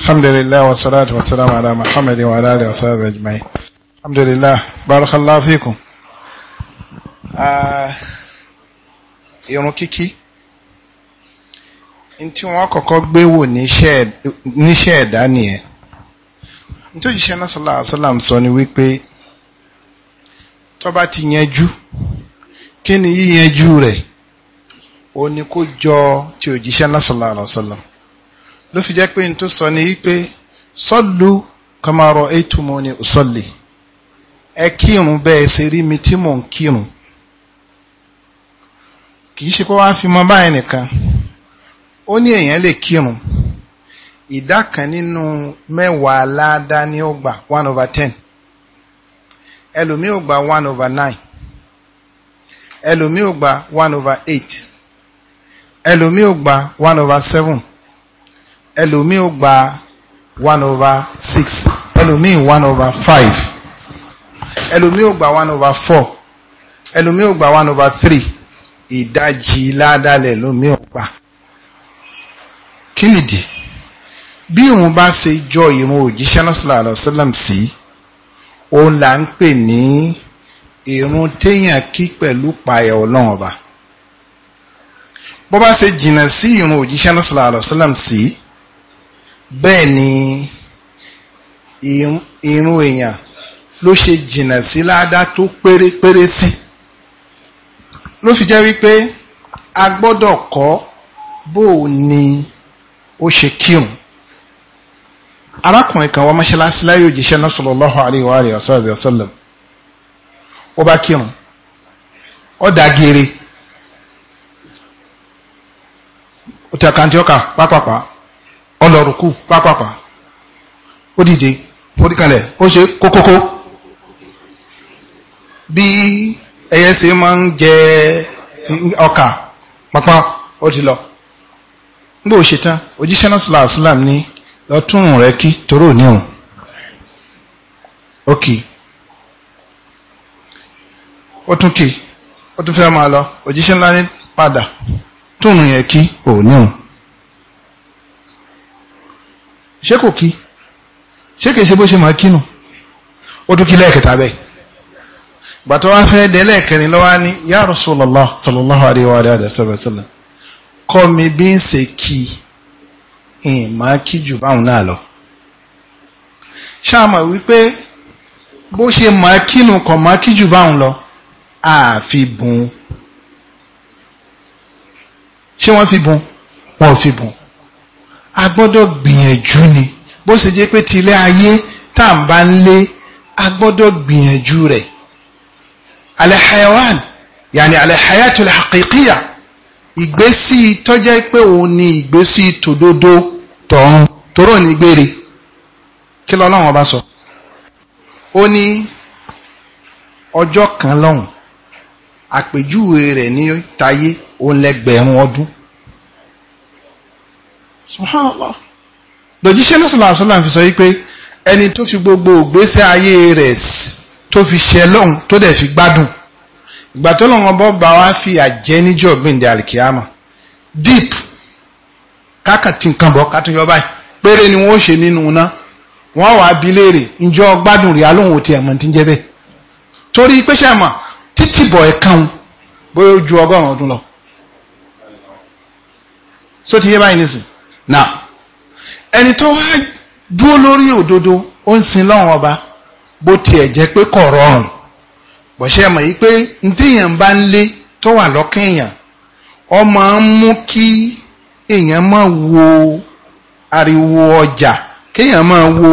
alhamdulillah wa salatu wa salamu ala muhammad wa ala alihi wa sahbihi ajma'in alhamdulillah barakallahu fikum ah, irun kíkí ntí wọ́n kọ́kọ́ gbé wò níṣẹ́ ẹ̀dá nìyẹn nítorí iṣẹ́ náà sallallahu alaihi wasallam sọ ni wípé tó bá ti yanjú kí ni yíyanjú rẹ̀ ó ní kó jọ ti òjíṣẹ́ náà sallallahu alaihi wasallam ló fi jẹ́ pé n tó sọ ni wípé sọ́lù kọmarọ̀ ètùmọ̀ ni òsọ́lì ẹ kírun bẹ́ẹ̀ ṣe rí mi tí mò ń kírun kì í ṣe pé wọ́n fi mọ báyìí nìkan ó ní èèyàn lè kírun ìdá kan nínú mẹ́wàá ládá ní ó gbà one over ten ẹlòmíì ó gba one over nine ẹlòmíì ó gba one over eight ẹlòmíì ó gba one over seven ẹlòmíì ó gba one over six ẹlòmíì one over five ẹlòmíì ó gba one over four ẹlòmíì ó gba one over three ìdajì ládàlẹ̀ lòmíì ó gbà kí nìdí bí ìrun bá ṣe jọ ìrun òjíṣẹ́ náà sallallahu alaihi wasallam sí òun là ń pè ní ìrun téèyàn kí pẹ̀lú payà ọlọ́run ọba bó bá ṣe jìnnà sí ìrun òjíṣẹ́ náà sallallahu alaihi sí bẹ́ẹ̀ ni irun èèyàn ló ṣe jìnnà sí ládàá tó pérépéré sí ló fi jẹ́ wípé a gbọ́dọ̀ kọ́ bó o ní ó ṣe kírun arákùnrin kan wá mọ́ṣáláṣí láyé òjíṣẹ́ náà sallallahu alaihi wa alihi wasallam ó bá kírun ó dá geere ó ti àkàntì ọkà pápápá. ọlọ́rùkù pápápá ó dìde foríkalẹ̀ ó ṣe kókókó bí ẹyẹ ṣe máa ń jẹ ọkà pápá ó ti lọ nígbà ó ṣe òjíṣẹ́ náà sọ̀rọ̀ àṣìlám ní lọ rẹ kí toró ní òun ó kì í ó tún kì í ó tún fẹ́ máa lọ òjíṣẹ́ ńlá ní padà tún yẹn kí ní òun. ṣé kò kí ṣé kìí ṣe bó ṣe máa kínú ó tún lẹ́ẹ̀kẹta bẹ́ẹ̀ gbàtọ́ wá fẹ́ dé lẹ́ẹ̀kẹrin lọ́wọ́ ní ya Rasulullah sallallahu alayhi wa alayhi wa sallam kọ́ mi bí ń ṣe kí n máa kí jù báwọn náà lọ ṣáàmà wípé bó ṣe máa kínú kọ̀ máa kí jù báwọn lọ àfi bùn ṣé wọ́n fi bùn wọ́n fi bùn a gbọ́dọ̀ gbìyànjú ni bó ṣe jẹ́ pé tilé ayé tá à ń bá ń lé a gbọ́dọ̀ gbìyànjú rẹ̀ alẹ́hàyàwán yàní alẹ́hàyàtul haqiqiya ìgbésí tọ́jẹ́ pé òun ni ìgbésí tòdodo tọ̀run tòrò ní gbére kí lọ́lọ́run ọba sọ ó ní ọjọ́ kan lọ́hùn àpèjúwe rẹ̀ ní tayé òun lẹ́gbẹ̀rún ọdún subhanallah lòjíṣẹ́ náà sọ̀rọ̀ àṣọlá fi sọ wípé ẹni tó fi gbogbo ògbésẹ̀ ayé rẹ̀ tó fi ṣẹ lọ́hùn tó dẹ̀ fi gbádùn ìgbà tó lọ́wọ́ bọ́ bá wá fi àjẹ́ níjọ́ gbìndẹ̀ àlìkíyàmà deep kákàtí nǹkan bọ̀ ká tún yọ báyìí péré ni wọ́n ṣe nínú iná wọ́n wàá bi léèrè ǹjọ́ gbádùn rí alóhùn òtí ẹ̀mọ́ tí ń jẹ́ bẹ́ẹ̀ torí pé ṣe mọ̀ títì bọ̀ ẹ̀ kan bóyá ó ju ọgọ́rùn-ún ọdún lọ só ti yé báyìí nísìnyí now ẹni tó wá dúró lórí òdodo ó sin ọba bó tiẹ̀ jẹ́ pé kọrọ rọrùn bọ̀ṣẹ́ mọ̀ yí pé ní bá ń lé tó wà lọ́kàn èèyàn ọ máa ń mú kí èèyàn máa wo ariwo ọjà kéèyàn máa wo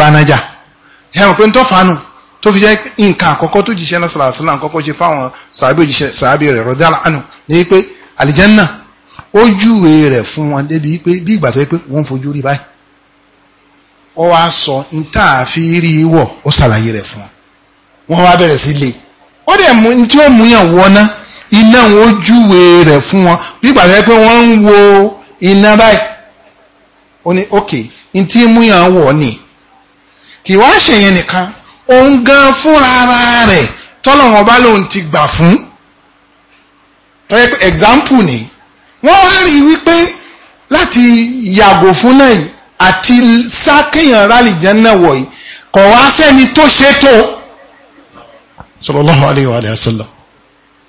bá nájà ẹ mọ̀ pé ń fanu tó fi jẹ́ nǹkan àkọ́kọ́ tó jíṣẹ́ náà sàlàsílà àkọ́kọ́ ṣe fáwọn sàábì òjíṣẹ́ sàábì rẹ̀ ó júwe rẹ̀ fún wọn débi pé bí ìgbà tó yẹ pé wọ́n fojú rí báyìí ọ wá sọ n tá fi rí wọ̀ ó ṣàlàyé rẹ̀ fún wọn wọ́n wá bẹ̀rẹ̀ sí le ó dẹ̀ mú tí ó mú yàn wọná iná ó júwe rẹ̀ fún wọn bí ìgbà tó yẹ pé wọ́n ń wo iná báyìí ó ní ok n tí mú yàn wọ̀ ni kì wá ṣèyẹn nìkan òun gan fúnra rẹ̀ tọ́lọ́wọ́n bá lòun ti gbà fún example ni. wọ́n wá rí wípé láti yàgò fún náà yìí àti sákéèyàn rálì jẹ́ náà wọ̀ yìí kò wá sẹ́ni tó ṣe tó sallallahu alayhi wa sallam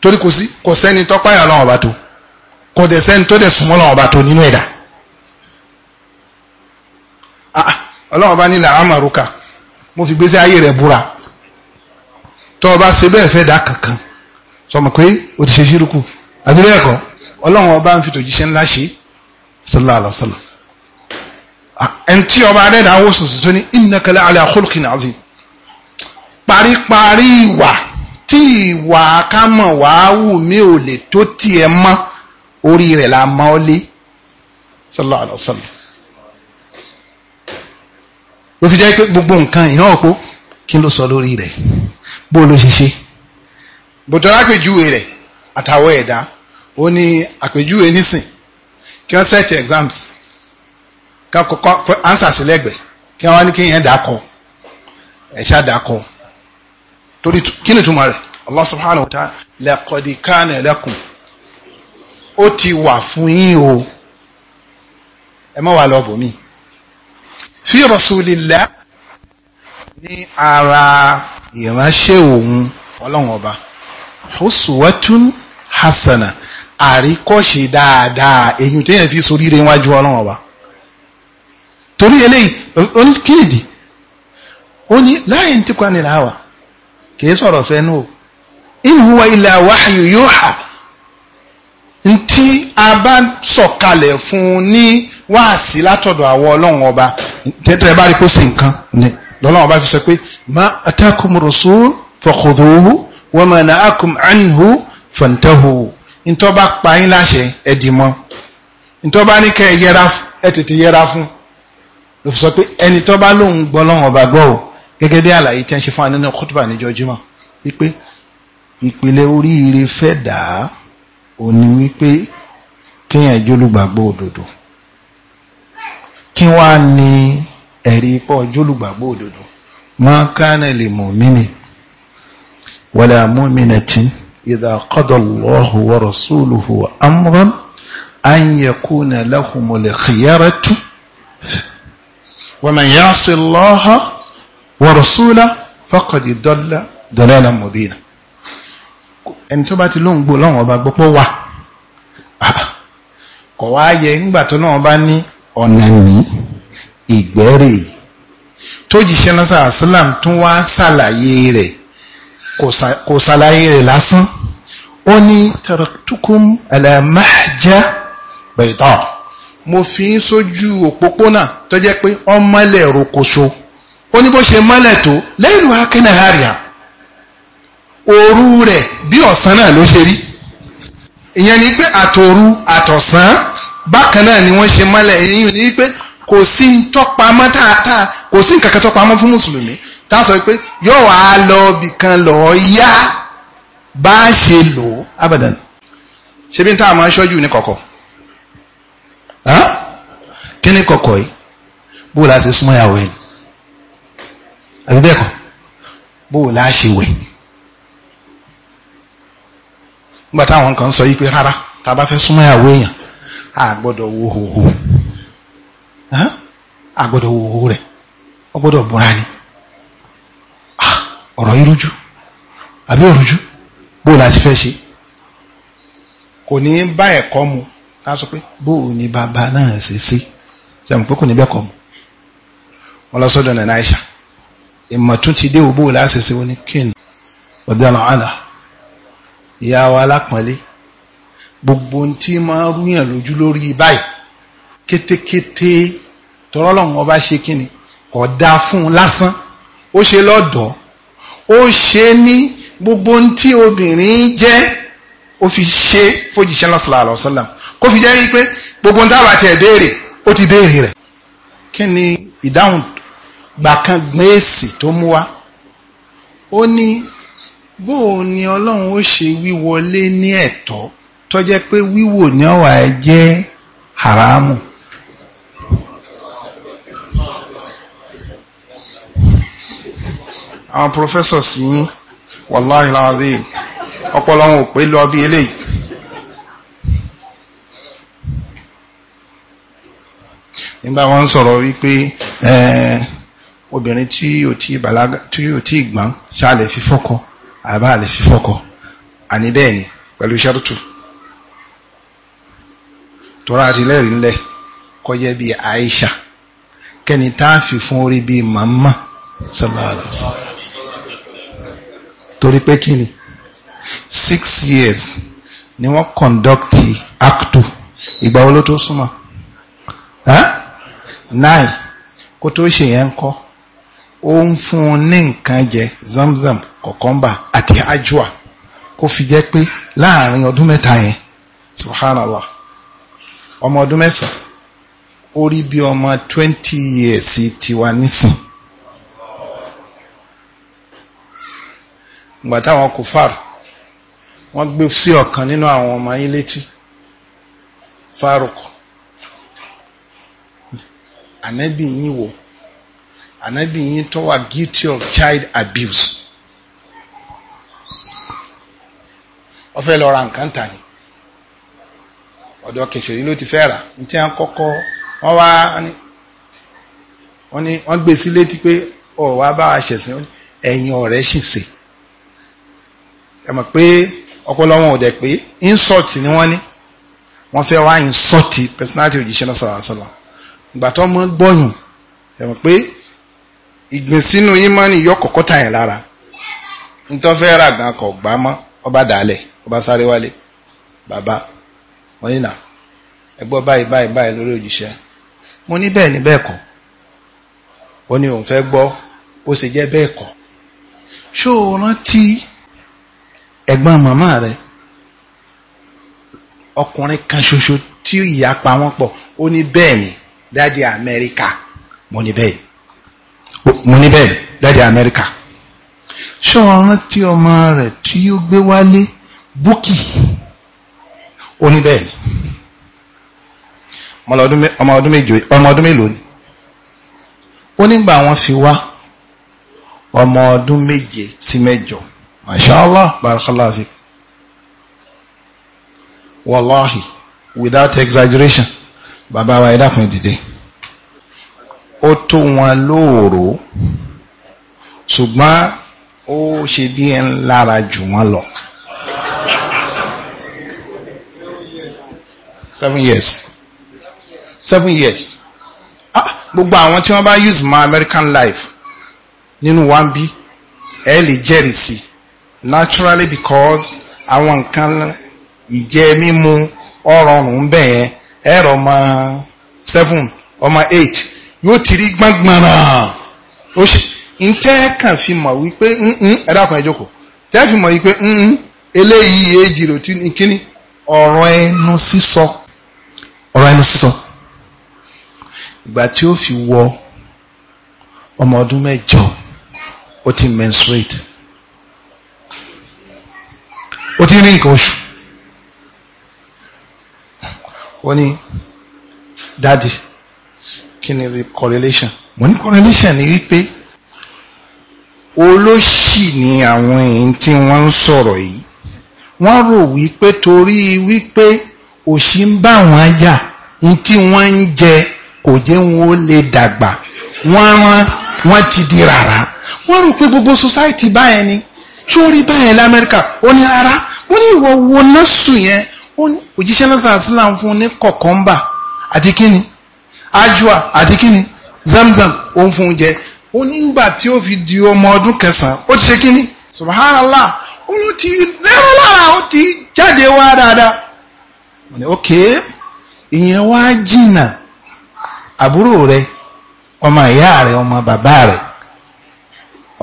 torí kò sí kò sẹ́ni tó páyà Ọlọ́run Ọba tó kò dẹ̀ sẹ́ni tó dẹ̀ súnmọ́ Ọlọ́run Ọba tó nínú ẹ̀dá ah, Ọlọ́run Ọba nílẹ̀ amaruka mo fi gbèsè ayé rẹ̀ búra tó o bá ṣe bẹ́ẹ̀ fẹ́ dá kankan sọ ma pé o ti ṣe ṣírùkù àbí bẹ́ẹ̀ ọlọ́run ọba ń fi tòjíṣẹ́ ńlá ṣe sallallahu alaihi wasallam ẹni tí ọba adẹ́dà wò sùn sùn ní innaka la ala khulqin azim paríparí ìwà tí ìwà kámọ̀ wàá wù mí ò lè tó tiẹ̀ mọ́ orí rẹ̀ la mọ́ ọ lé sallallahu alaihi wasallam ló fi jẹ́ pé gbogbo nǹkan ìran òpó kí ló sọ lórí rẹ̀ bó ló ṣe ṣe bòtọ́lápẹ̀júwe rẹ̀ àtàwọ̀ ẹ̀dá ó ní àpèjúwe nísìn kí wọ́n set exams ká kọ́kọ́ answer sí lẹ́gbẹ̀ẹ́ kí wọ́n wá ní kí yẹn dà kọ́ ẹ̀ ṣá dà kọ́ torí kí ni túmọ̀ rẹ̀ Allah subhanahu wa ta'ala laqad kana lakum ó ti wà fún yín o ẹ má wà lọ bòmí fi rasulillah ní ara ìránṣẹ́ òun ọlọ́run ọba huswatun hasana àríkọ́ṣe dáadáa èyí téèyàn fi sórí rẹ̀ wájú ọlọ́run ọba torí eléyìí oníkéèdì ó ní láyé ní tíkwa nílà wà kìí sọ̀rọ̀ fẹ́nu o in huwa illa wahyu yuha ntí a bá sọ̀kalẹ̀ fún un ní wáàsí látọ̀dọ̀ àwọn ọlọ́run ọba tẹ́tẹ́ bá rí kó sì nǹkan ni lọ́lọ́run ọba fi sọ pé ma atakum rusul fakhudhuhu wa ma na'akum anhu fantahu ntọ́ bá pa yín láṣẹ ẹ dì mọ́ ntọ́ bá ní kẹ́ ẹ yẹra ẹ tètè yẹra fún ló fi sọ pé ẹni tọ́ bá lóun gbọ́ lọ́wọ́n ọba gbọ́ o gẹ́gẹ́ bí àlàyé tí wọ́n ṣe fún anínú kútùbà níjọ́ Jímọ̀ wípé ìpìlẹ̀ oríire fẹ́ dà á ò ní wípé kéèyàn jólùgbàgbọ́ òdodo kí wàá ní ẹ̀rí pọ̀ jólùgbàgbọ́ òdodo mọ́ kánà mọ̀ mímì wàlà mọ́ mi إذا قضى الله ورسوله أمرا أن يكون لهم الخيارة ومن يعص الله ورسوله فقد ضل ضلالا مبينا ẹni tó bá ti lóun gbò lọ́wọ́n ọba gbọ́pọ̀ wà kọ̀ wá yẹ nígbà tó náà bá ní ọ̀nà ní ìgbẹ́rẹ̀ tó jíṣẹ́ lọ́sàá islam tún wá ṣàlàyé rẹ̀ kò ṣàlàyé rẹ̀ lásán ó ní taraktukum ala mahja bayda mo fi ń sójú òpópónà tó jẹ́ pé ọmọlẹ̀ rokoṣo ó ní bó ṣe mọ́lẹ̀ tó lẹ́yìn wa kẹ́nà àríà òru rẹ̀ bí ọ̀sán náà ló ṣe rí ìyẹn ni pé àtòru àtọ̀sán bákan náà ni wọ́n ṣe mọ́lẹ̀ ìyẹn ni pé kò sí ń tọ́pamọ́ tààtà kò sí nǹkan kan tọ́pamọ́ fún mùsùlùmí tá sọ pé yóò wá lọ bì kan lọ yá bá a ṣe lò ó abadan ṣebí n tá a máa ní kọ̀kọ̀ kí ni kọ̀kọ̀ yìí bó la ṣe súnmọ́ ìyàwó ẹni àti bẹ́ẹ̀ kọ́ bó la ṣe wẹ̀ nígbà táwọn kan sọ yìí pé rárá tá a bá fẹ́ súnmọ́ ìyàwó èèyàn a gbọ́dọ̀ wo hòhò a gbọ́dọ̀ wo hòhò rẹ̀ wọ́n gbọ́dọ̀ bọ́ra ni ọ̀rọ̀ yìí rújú àbí òrújú bó la ti fẹ́ ṣe kò ní bá ẹ̀kọ́ mu ká sọ pé bó o ní bàbá náà ṣe ṣe sẹ́mu pé kò ní bẹ́ẹ̀kọ́ mu wọ́n lọ sọ́dọ̀ nana Aisha ìmọ̀tún ti dé o bó o láṣẹ ṣe wọn ni kéènì ọ̀dọ́ràn àlà ìyá wa alápọ̀nlé gbogbo ohun tí máa rúyàn lójú lórí báyìí kétékété tọ́rọ́lọ́hún ọba ṣe kíni kò dáa fún un lásán ó ṣe lọ́dọ̀ọ́ ó ṣe ní gbogbo ohun tí obìnrin jẹ́ ó fi ṣe fòjìṣẹ́ lọ́sọ̀lá àlọ́sọ́lá kó fi jẹ́ wípé gbogbo ohun táwa tiẹ̀ béèrè ó ti béèrè rẹ̀ kí ni ìdáhùn gbàkan gbèsè tó mú wá ó ní bó o ọlọ́run ó ṣe wíwọlé ní ẹ̀tọ́ tó pé wíwò ní ọ̀wà jẹ́ haramu. àwọn professors yín wàláhì láàrin ọpọlọ wọn ò pé lọ bí eléyìí nígbà wọn sọ̀rọ̀ wípé obìnrin tí yóò tí bàlágà tí yóò tí gbọ́n ṣá ni pẹ̀lú ṣẹ́rùtù tọ́ra àti lẹ́rìí ńlẹ̀ kọjá bí Aisha kẹ́ni tá a fi fún orí bíi màmá sallallahu alaihi torí pé kí ni six years ni wọ́n conduct actu ìgbà wo ló tó súnmọ́ nine kó tó ṣe yẹn ń kọ́ ó ń fún un ní nǹkan jẹ zamzam kọ̀kọ́mbà àti ajwa kó fi jẹ́ pé láàrin ọdún mẹ́ta yẹn subhanallah ọmọ ọdún mẹ́sàn-án ó rí bí ọmọ twenty years tiwa nísìn ìgbà táwọn kùfàr wọ́n gbé sí ọ̀kan nínú àwọn ọmọ yín létí Faruk ànábì yín wò ànábì yín tó wà guilty of child abuse wọ́n fẹ́ lọ ra nǹkan tà ní ọ̀dọ̀ kẹsìrì ló ti fẹ́ rà ní tí wọ́n kọ́kọ́ wọ́n wá wọ́n gbé sí létí pé ọ̀ wá bá a ṣẹ̀sìn ẹ̀yìn ọ̀rẹ́ ṣìṣe ẹ mọ̀ pé ọpọlọ wọn ò dẹ̀ pé insult ni wọ́n ní wọ́n fẹ́ wá insult personality òjíṣẹ́ náà sọ̀rọ̀ àṣọlọ ìgbà tó mọ́ gbọ́yùn ẹ mọ̀ pé ìgbìnsínú yín máa ń yọ kọ̀kọ́ tà yẹn lára nítorí fẹ́ rà gan kọ̀ gbá mọ́ ọba dàálẹ̀ ọba sáré wálé bàbá wọ́n yìí nà ẹgbọ́ báyìí báyìí báyìí lórí òjíṣẹ́ mo ní bẹ́ẹ̀ ni bẹ́ẹ̀ kọ́ ó ní òun fẹ́ gbọ́ ó sì jẹ́ bẹ́ẹ̀ kọ́ ṣó o rántí ẹ̀gbọ́n màmá rẹ̀ ọkùnrin kan ṣoṣo tí ìyá pa wọ́n pọ̀ ó ní bẹ́ẹ̀ ni dáàdi Amẹ́ríkà mo ní bẹ́ẹ̀ mo ní bẹ́ẹ̀ dáàdi Amẹ́ríkà ṣọ́ọ̀rán tí ọmọ rẹ̀ tí ó gbé wálé búkì ó ní bẹ́ẹ̀ ni ọmọ ọdún mélòó ni ó nígbà wọn fi wá ọmọ ọdún méje sí mẹ́jọ. Si mashallah barakallah fi wallahi without exaggeration bàbá wa ida fún ìdìde ó tó wọn lóòrò ṣùgbọ́n ó ṣe bí ẹ ń lára jù wọ́n lọ seven years seven years ah gbogbo àwọn tí wọ́n bá use my American life Ninu one b ẹ lè jẹ́rìí naturally because àwọn nǹkan ìjẹ mímu ọrọrùn ń bẹ̀ yẹn ẹ̀rọ ọmọ seven ọmọ eight yóò tiri rí gbọ́ngbọ́nràn ó ṣe ntẹ́ kàn fi mọ̀ wípé ẹ dákun ẹ jókòó tẹ́ fi mọ̀ wípé eléyìí èjì rò tí kíní ọ̀rọ̀ ẹnu sísọ ọ̀rọ̀ ẹnu sísọ ìgbà tí ó fi wọ ọmọ ọdún mẹ́jọ ó ti menstruate ó ti rí nǹkan oṣù wọ́n ní dáàdì kí ni correlation mo ní correlation ni wípé olóṣì ni àwọn èyí tí wọ́n ń sọ̀rọ̀ yìí wọ́n rò wípé torí wípé òṣì ń bá wọn jà ní tí wọ́n ń jẹ kò jẹ́ wọn ó lè dàgbà wọ́n rán wọ́n ti di rárá wọ́n rò pé gbogbo society báyẹn ni ṣó rí báyẹn lamẹ́ríkà ó ní rárá ó ní ìwọ wo nọ́ọ̀sù yẹn ó ní òjíṣẹ́ lọ́sàn àṣìlá ń fún ní kọ̀kọ́mbà àti kíni ajwa àti kíni zamzam ó ń fún jẹ ó ní ìgbà tí ó fi di ọmọ ọdún kẹsàn-án ó ti ṣe kíni subhanallah ó ló ti lẹ́rọ lára ó ti jáde wá dáadáa ok ìyẹn wá jìnnà àbúrò rẹ ọmọ ìyá rẹ ọmọ bàbá rẹ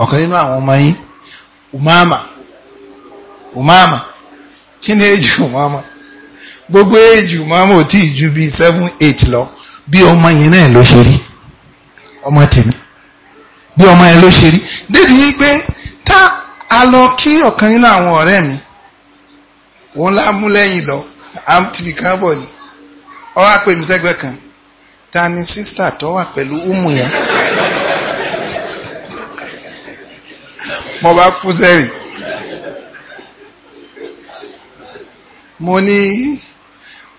ọ̀kan nínú àwọn ọmọ yín umama umama kí ni èjì mọ́mọ́ gbogbo èjì mọ́mọ́ ò tí ì ju bíi seven eight lọ bí ọmọ yẹn náà ló ṣe rí ọmọ tèmi bí ọmọ yẹn ló ṣe rí débi yí pé tá a lọ kí ọ̀kan nínú àwọn ọ̀rẹ́ mi wọn lá mú lẹ́yìn lọ àmtìbí kan bọ̀ ni ọ wá pè mí sẹ́gbẹ́ kan ta ni sísítà tó wà pẹ̀lú umu yẹn mo bá kú sẹ́rìn. mo ní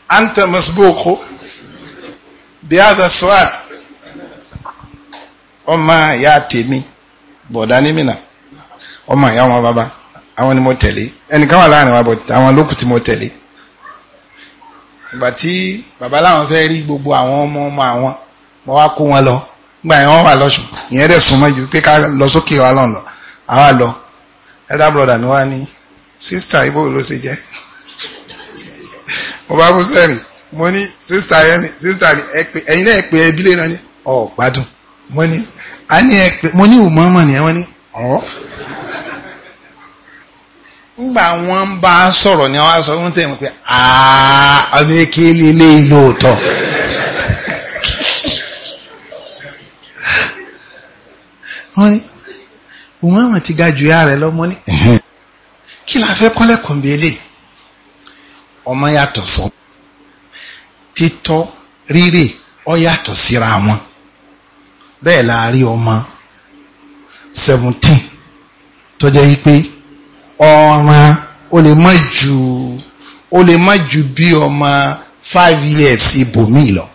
anta masbuqu bí hadha su'al ọmọ ìyá tèmi bọ̀dá ní mìíràn ọmọ ìyá wọn bàbá àwọn ni mo tẹ̀lé ẹnìkan wà láàrin wa bọ̀ àwọn lókù tí mo tẹ̀lé ìgbà tí bàbá láwọn fẹ́ rí gbogbo àwọn ọmọ ọmọ àwọn mo wá kó wọn lọ nígbà yẹn wọ́n wà lọ́sùn ìyẹn dẹ̀ súnmọ́ ju pé ká lọ sókè wa lọ́nà àwa lọ elder brother mi wá ní sister ibo ló ṣe jẹ́ mo bá bú sẹ́rìn mo ní sísítà yẹn ni sísítà ni ẹ̀yin náà pè é bílẹ̀ náà ni ọ̀ gbádùn mo ní a ní ẹ pé mo ní ìwòmọ́mọ́ nìyẹn wọ́n ní ọ̀ ngba wọn bá sọ̀rọ̀ ni wọ́n sọ fún tẹ̀wọ̀n pé àmì kéle ilé lóòótọ́ wọ́n ní ìwòmọ́mọ́ ti ga jù yá rẹ̀ lọ́mọ́ ní kí la fẹ́ kọ́lẹ́kùn bí eléyìí ọmọ yàtọ̀ sọ títọ́ rírè ọ yàtọ̀ síra wọn bẹ́ẹ̀ la rí ọmọ seventeen tó jẹ́ wípé ọ̀ràn ó lè má ju ó lè má ju bí ọmọ five years ibòmíì lọ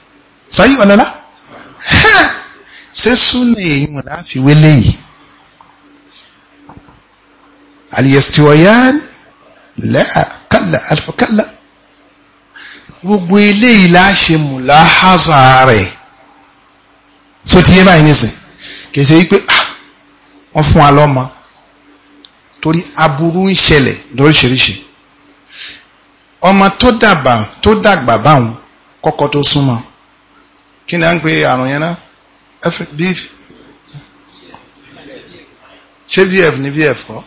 sáyé ọ̀nàlá ṣé súnà èyí láfi wélé yìí àlìyẹsìtìwọ̀yá lẹ́à kálà àlùfọ̀kálà gbogbo eléyìí la ṣe mùláhàzà rẹ̀ tó ti yé báyìí nísìn kì í ṣe wípé ah, wọ́n fún wa lọ́mọ torí aburú ń ṣẹlẹ̀ lóríṣiríṣi ọmọ tó dàgbà tó dàgbà báwọn kọ́kọ́ tó súnmọ́ kí ni à ń pe àrùn yẹn náà bf ṣé vf ni vf kọ́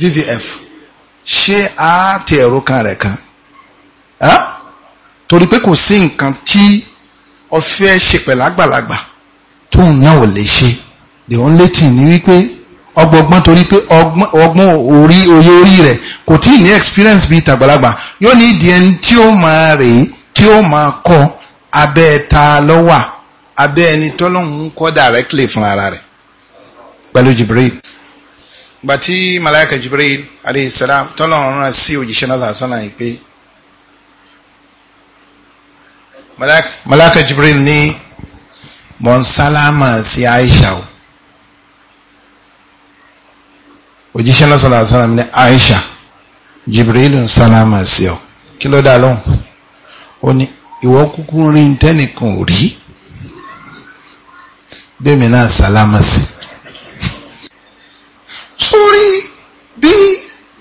vvf ṣé a ti ẹ̀rọ kan rẹ̀ kan. Huh? torí pé kò sí nǹkan tí ọfẹ́ ṣe pẹ̀lágbàlagbà tóun náà ò lè ṣe the only thing ni wípé ọgbọgbọ́n torí pé ọgbọ́n orí oyè orí rẹ̀ kò tí ì ní experience bíi tàgbàlagbà yóò ní ìdí ẹni tí ó máa rèé tí ó máa kọ abẹ́ ta lọ́wà abẹ́ ẹni tọ́lọ́hún ń kọ́ directly fún ara rẹ̀ pẹ̀lú Jibril gbàtí malayika Jibril aleyhisselam tọ́lọ́hún rán sí òjíṣẹ́ náà sánà yìí pé malaka jibril ni ní Salama si aisha o òjíṣẹ́ náà sọ̀rọ̀ àṣàrà mi ní aisha jibril ń sálámà sí ọ kí ló dá lóhùn ó ní ìwọ kúkú rí tẹ́nìkan ò rí bẹ́ẹ̀mi náà salama sí sórí bí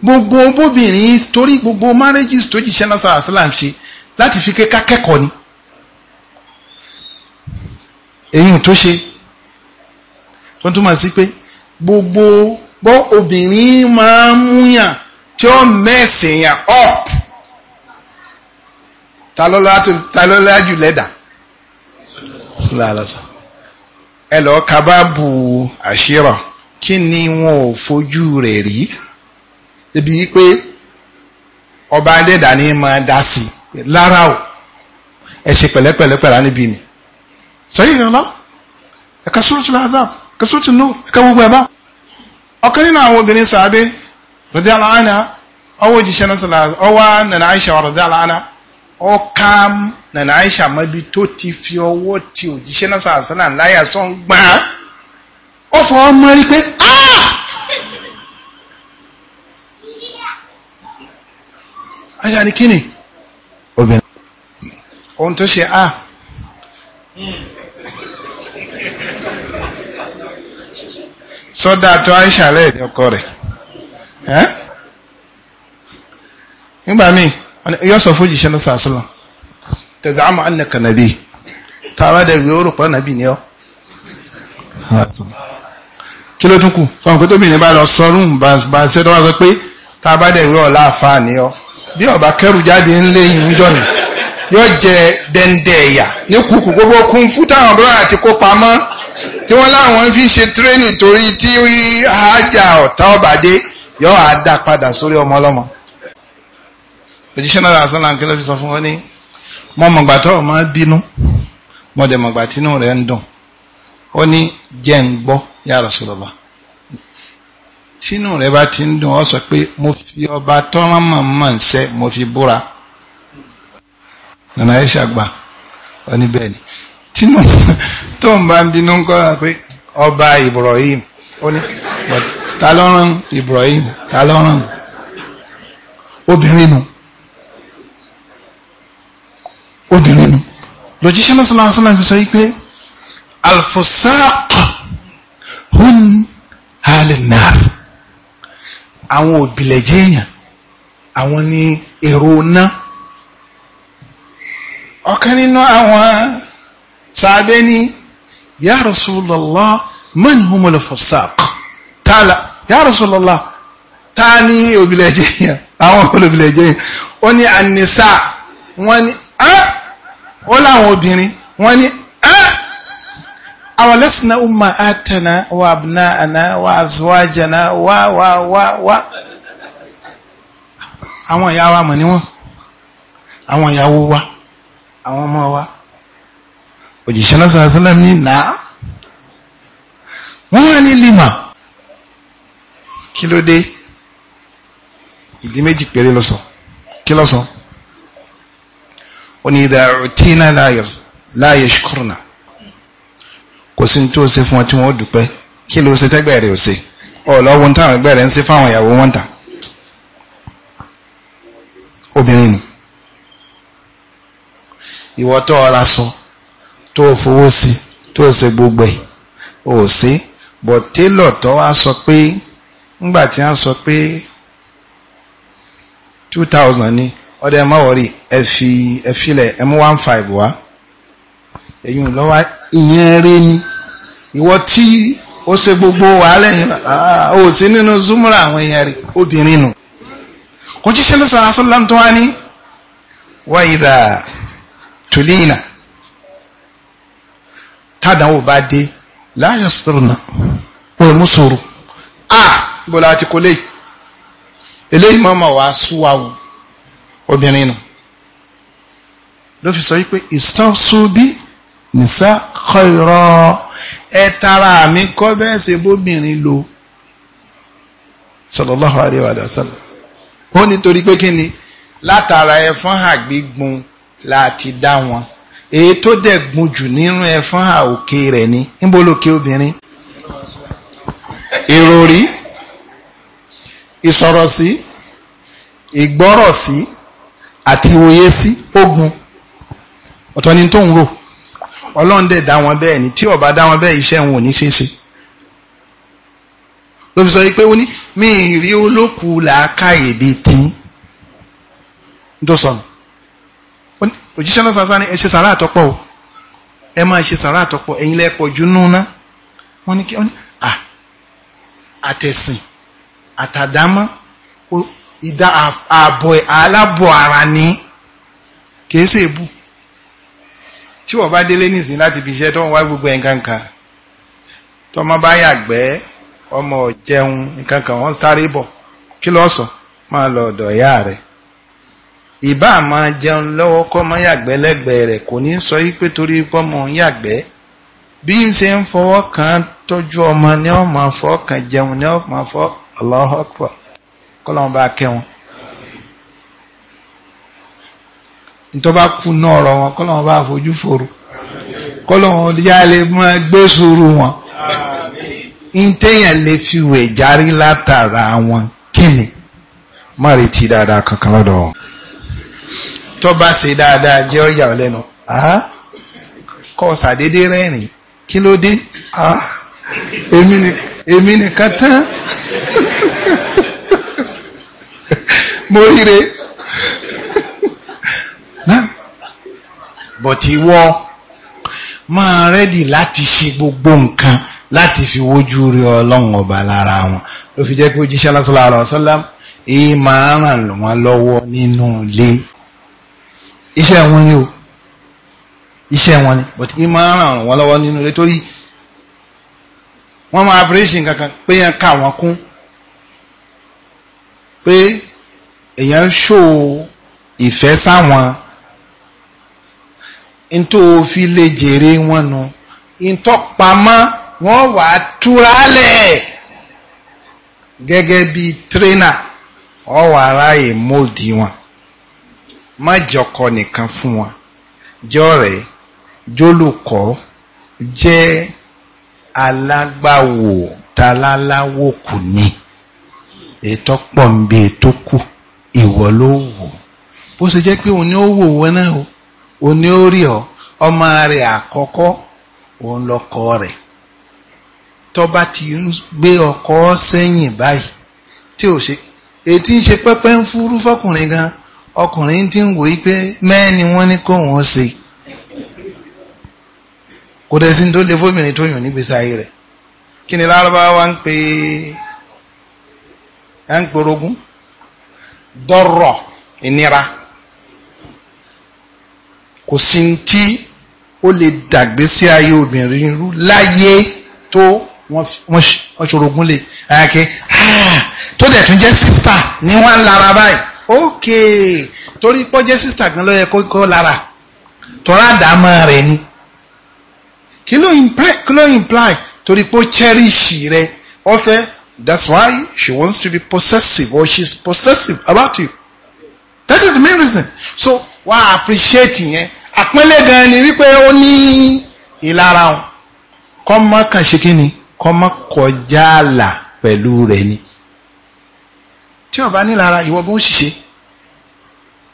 gbogbo bóbìnrin torí gbogbo marriages tó jíṣẹ́ náà sọ̀rọ̀ àṣàrà ṣe láti fi ké kẹ́kọ̀ọ́ ni èyí tó ṣe tó túmọ̀ sí pé gbogbo bọ́ obìnrin máa ń múyàn tí ó mẹ́sìn yàn up ta ló lájú lẹ́dà ẹ lọ kábàbù àṣírọ̀ kí ni wọn ò fojú rẹ̀ rí débi wípé ọba adẹ́dà ni máa dá sí lára o ẹ ṣe pẹ̀lẹ́pẹ̀lẹ́ níbí ni sẹ́yìn ìrànlá ẹ̀ka sóòtù lazab ẹ̀ka sóòtù nù ẹ̀ka gbogbo ẹ̀bá ọ̀kan nínú àwọn obìnrin sàábé rọ̀dí aláàánà ọwọ́ òjíṣẹ́ náà sọ̀rọ̀ ọwọ́ nànà àìṣà wà rọ̀dí aláàánà ọ̀ka nànà àìṣà mọ́bi tó ti fi ọwọ́ ti òjíṣẹ́ náà sọ̀rọ̀ sọ̀rọ̀ láyà sọ̀n gbà á ó fọ ọmọ rí pé àyà ah! ni kíni obìnrin ohun tó ṣe a. Ah! Mm sọ́dà tó Aisha lẹ́ẹ̀dẹ́ ọkọ rẹ̀ ẹ́ nígbà míì yóò sọ fún jìṣẹ́ lọ́sà sílọ̀ tẹ̀sán àmọ́ annaka nabi tààrà dẹ̀ wí orò pọ̀ nàbí ni ọ́ kí ló tún kù fún ọkùnrin tóbi ní bá lọ sọrùn bá ṣe tó wá sọ pé tá a bá dẹ̀ wí ọ̀la àfa ni ọ bí ọba kẹrù jáde ńlẹ́yìn ń jọ̀nà yóò jẹ dẹ́ndẹ́ ẹ̀yà ní kùkù gbogbo kún fún táwọn bọ́lá àti kó pamọ́ tí wọ́n láwọn fi ṣe tírénì torí tí àájà ọ̀tá ọ̀bàdé yóò á dá padà sórí ọmọ ọlọ́mọ. òjíṣẹ́ náà lásán ló fi sọ fún wọn ní mo mọ̀gbà tó ọmọ bínú mo dẹ̀ mọ̀gbà tínú rẹ̀ ń dùn ó ní jẹ́ ń gbọ́ ya Rasulullah tínú rẹ̀ bá ti ń dùn ó sọ pé mo fi ọba tọ́rán mọ̀ọ́mọ̀ ń sẹ́ mo fi búra nana aisha gbà ọ níbẹ̀ ni tínú tó ń bá ń bínú kọ́ pé ọba ibrahim ó ní ibrahim ta ló rán obìnrin nu obìnrin nu lójíṣẹ́ náà sọ́nà sọ́nà fi sọ yí alfosaq hun halinar àwọn òbílẹ̀jẹ́ èèyàn àwọn ni èrò náà ọ̀kan nínú àwọn sàbẹ́ ní ya Rasulullah man humul fusaq tààlà ya Rasulullah ta ní obìlẹ̀jẹ́ yẹn àwọn olùbìlẹ̀jẹ́ yẹn ó ní ànìsà wọ́n ní ẹ́ ó láwọn obìnrin wọ́n ní ẹ́ àwọn lẹ́sìnà umma àtẹ̀nà wà àbùnà àná wà àzọ́wájẹ̀nà wà wà wà wà àwọn ìyá wa mọ̀ wọ́n àwọn ìyàwó wa àwọn ọmọ wa òjìṣẹ́ náà sọ̀rọ̀ sọ́lá ní nà wọ́n wà ní lima kí ló dé ìdí méjì péré ló sọ kí ló ó ní ìdá rutina láàyè ṣukurna kò sí ní tó ṣe fún ọ tí wọ́n dúpẹ́ kí ló ṣe tẹ́gbẹ́ rẹ̀ ò ṣe ọ táwọn ẹgbẹ́ rẹ̀ ń ṣe fáwọn ìyàwó wọn ta obìnrin nù ìwọ tó ọra sọ tó o fowó sí tó o ṣe gbogbo ẹ̀ o sí bọ̀ télọ̀ tó wá sọ pé ńgbà tí wọ́n sọ pé two thousand ni ọdẹ ẹ má wọrí ẹ fi ẹ filẹ̀ ẹ mú one five wá èyí lọ́wọ́ ìyẹn rí ni ìwọ tí ó ṣe gbogbo wàhálẹ̀ yìí ó ah, sí nínú zumura àwọn èèyàn rẹ̀ obìnrin nù kò jíṣẹ́ lọ́sàn-án asọ́lámù tó wá ní wáyé dáa tùlíìnà tádàwò bá dé láyọ̀ sọ̀rọ̀nà wọ́n mú sòrò a bọ́lá àti kò léyìí eléyìí mọ́mọ́ wàá súwa o obìnrin nù ló fi sọ wípé ìsọ́súbí nìsá kọ́ìrọ́ ẹ tara mi kọ́ bẹ́ẹ̀ ṣe bóbìnrin lò sallallahu alayhi wa ó nítorí pé kí ni látara ẹ̀fọn àgbégbun láti dá wọn èyí tó dẹ̀ gùn jù nínú ẹ̀fọ́n àòkè rẹ̀ ni níbo lókè obìnrin ìròrí ìsọ̀rọ̀sí ìgbọ́rọ̀sí àti ìwòye sí ogun ọ̀tọ̀ ni tó ń rò ọlọ́run dẹ̀ dá wọn bẹ́ẹ̀ ni tí ó bá dá wọn bẹ́ẹ̀ iṣẹ́ wọn ò ní ṣe é ló fi sọ pé ó ní mi ì rí olókùú làákàyè bíi tín tó sọnù òjíṣẹ́ náà sàṣà ni ẹ ṣe sàrà àtọ́pọ̀ o ẹ máa ṣe sàrà àtọ́pọ̀ ẹ̀yin lẹ́ pọ̀ jù núná wọ́n ní kí wọ́n ní à àtẹ̀sìn àtàdámọ́ ìdá ààbọ̀ alábọ̀ ara ní kìí ṣe èbù tí wọ́n bá délé nìsín láti ibi iṣẹ́ tó ń wá gbogbo ẹ̀ nǹkankan tọmọ bá yàgbẹ́ ọmọ jẹun nǹkankan wọ́n sáré bọ̀ kí ló máa lọ ọ̀dọ̀ ìyá rẹ̀ ìbá àmọ́ jẹun lọ́wọ́ kọ́mọ yàgbẹ́ lẹ́gbẹ̀ẹ́ rẹ̀ kò ní sọ wípé torí pọ́mọ yàgbẹ́ bí n ṣe ń fọwọ́ kan tọ́jú ọmọ ní ọmọ fọ́ kan jẹun ní ọmọ fọ́ Allahu Akbar kọ́lọ́n bá kẹwọn ntọ́ba kú náà ọ̀rọ̀ wọn kọ́lọ́n bá fòrò kọ́lọ́n yá lè mọ gbé sùúrù wọn ntẹ́yàn lè fi wẹ̀ járí látara wọn kí ni má retí dáadáa kankan lọ́dọ̀ wọn tó bá ṣe dáadáa jẹ́ ọ̀yà ọ̀lẹ́nu ah, kọ́ ṣàdédé rẹ́rìn kí ló dé ah, èmi nìkan tán mo ríre bọ̀tí wọ́n máa rẹ́dì láti ṣe gbogbo nǹkan láti fi wojú rí ọlọ́run ọba lára wọn ló fi jẹ́ pé òjíṣẹ́ lásán lára ọ̀sán lám èyí máa ràn wọ́n lọ́wọ́ nínú ilé iṣẹ́ wọn ni o iṣẹ́ wọn ni but ìmọ̀ ràn wọ́n lọ́wọ́ nínú rẹ̀ torí wọ́n máa operation kankan pé yẹn ká wọn kún pé èèyàn ṣó ìfẹ́ sáwọn ntó fi lè jèrè wọn nu ntọ́pamọ́ wọ́n wà á túralẹ̀ gẹ́gẹ́ bí trainer ọ̀ wà ráàyè mold wọn má jọkọ nìkan fún wọn jọrẹ jólùkọ jẹ alágbàwò találáwò kù ni ètò pọ̀ ń bí ètò kù ìwọ ló wò bó ṣe jẹ́ pé òun ni ó wò wọn náà o òun ni ó rí ọ ọmọ rẹ̀ àkọ́kọ́ òun lọkọ rẹ̀ tó bá ti gbé ọkọ sẹ́yìn báyìí tí ò ṣe èyí ń ṣe pẹ́pẹ́ ń fúrú fọkùnrin gan-an ọkùnrin ti ń wò yí pé mẹ́ẹ̀ni wọ́n ní kó wọ́n ṣe kò dẹ̀ sí tó lè fóbìnrin tó yàn nígbèsè ayé rẹ̀ kí ni lárúbáwá ń pè é ń pòrogún dọ́rọ̀ ìnira kò sí tí ó lè dàgbé sí ayé obìnrin rú láyé tó wọ́n ṣorogún lè ayàkẹ́ ah, tó dẹ̀ tún jẹ́ sísà ní wọ́n ń lára báyìí okay torí pọ́jẹ́ sísà kan ló yẹ kó kó lára tọ́ra dàámọ́ rẹ̀ ni kí ló imply kí ló imply torí pé ó cherish rẹ̀ ọ̀fẹ́ that's why she wants to be possessive or she's possessive about you that is the main reason so wà á appreciate yẹn àpẹẹlẹ gan ni wípé ó ní ìlara o kọ́ mọ́ kàn ṣe kí ni kọ́ mọ́ kọjá àlà pẹ̀lú rẹ̀ ni tí ó bá nílara ìwọ̀gán ṣìṣe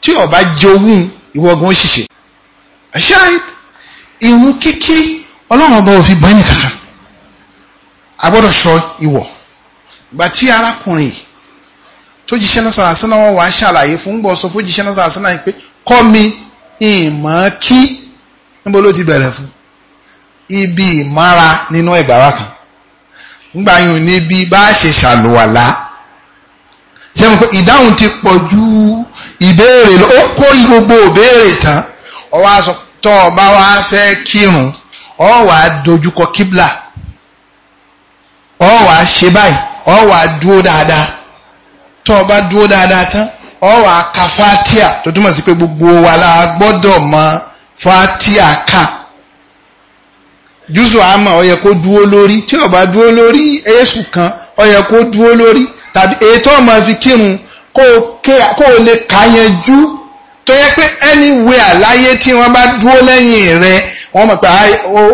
tí ó bá jowún ìwọ̀gán ṣìṣe àṣírí ìrun kíkí ọlọ́run ọba òfin bọ́yìn kankan a gbọ́dọ̀ sọ ìwọ̀ gbà tí arákùnrin tó jíṣẹ́ náà sọ̀rọ̀ àṣánà wọn wà á ṣàlàyé fún gbọ́ sọ fún jíṣẹ́ náà sọ̀rọ̀ àṣánà pé kọ́ mi ìmọ̀ kí níbo ló ti bẹ̀rẹ̀ fún ibi ìmára nínú ẹ̀gbára kan ngbà yìí ní bí ṣe ṣàlùwàlá sẹ́wọ̀n pé ìdáhùn ti pọ̀ ju ìbéèrè lọ ó kó gbogbo ìbéèrè tán ọwọ́ aṣọ tó o bá wá fẹ́ kírun ọ wà á dojúkọ kíbla ọ wà á ṣe báyìí ọ wà á dúró dáadáa tó o bá dúró dáadáa tán ọ wà ka fatia tó túmọ̀ sí pé gbogbo wa la gbọ́dọ̀ mọ fatia kà jùsùn àmọ́ ọ yẹ kó dúró lórí tí o bá dúró lórí èṣù kan ó yẹ kó dúró lórí tàbí ètò ọmọ fi kírun kó o lè kà yẹn jú tó yẹ pé anywhere láyé tí wọ́n bá dúró lẹ́yìn rẹ̀ wọ́n mọ̀ pé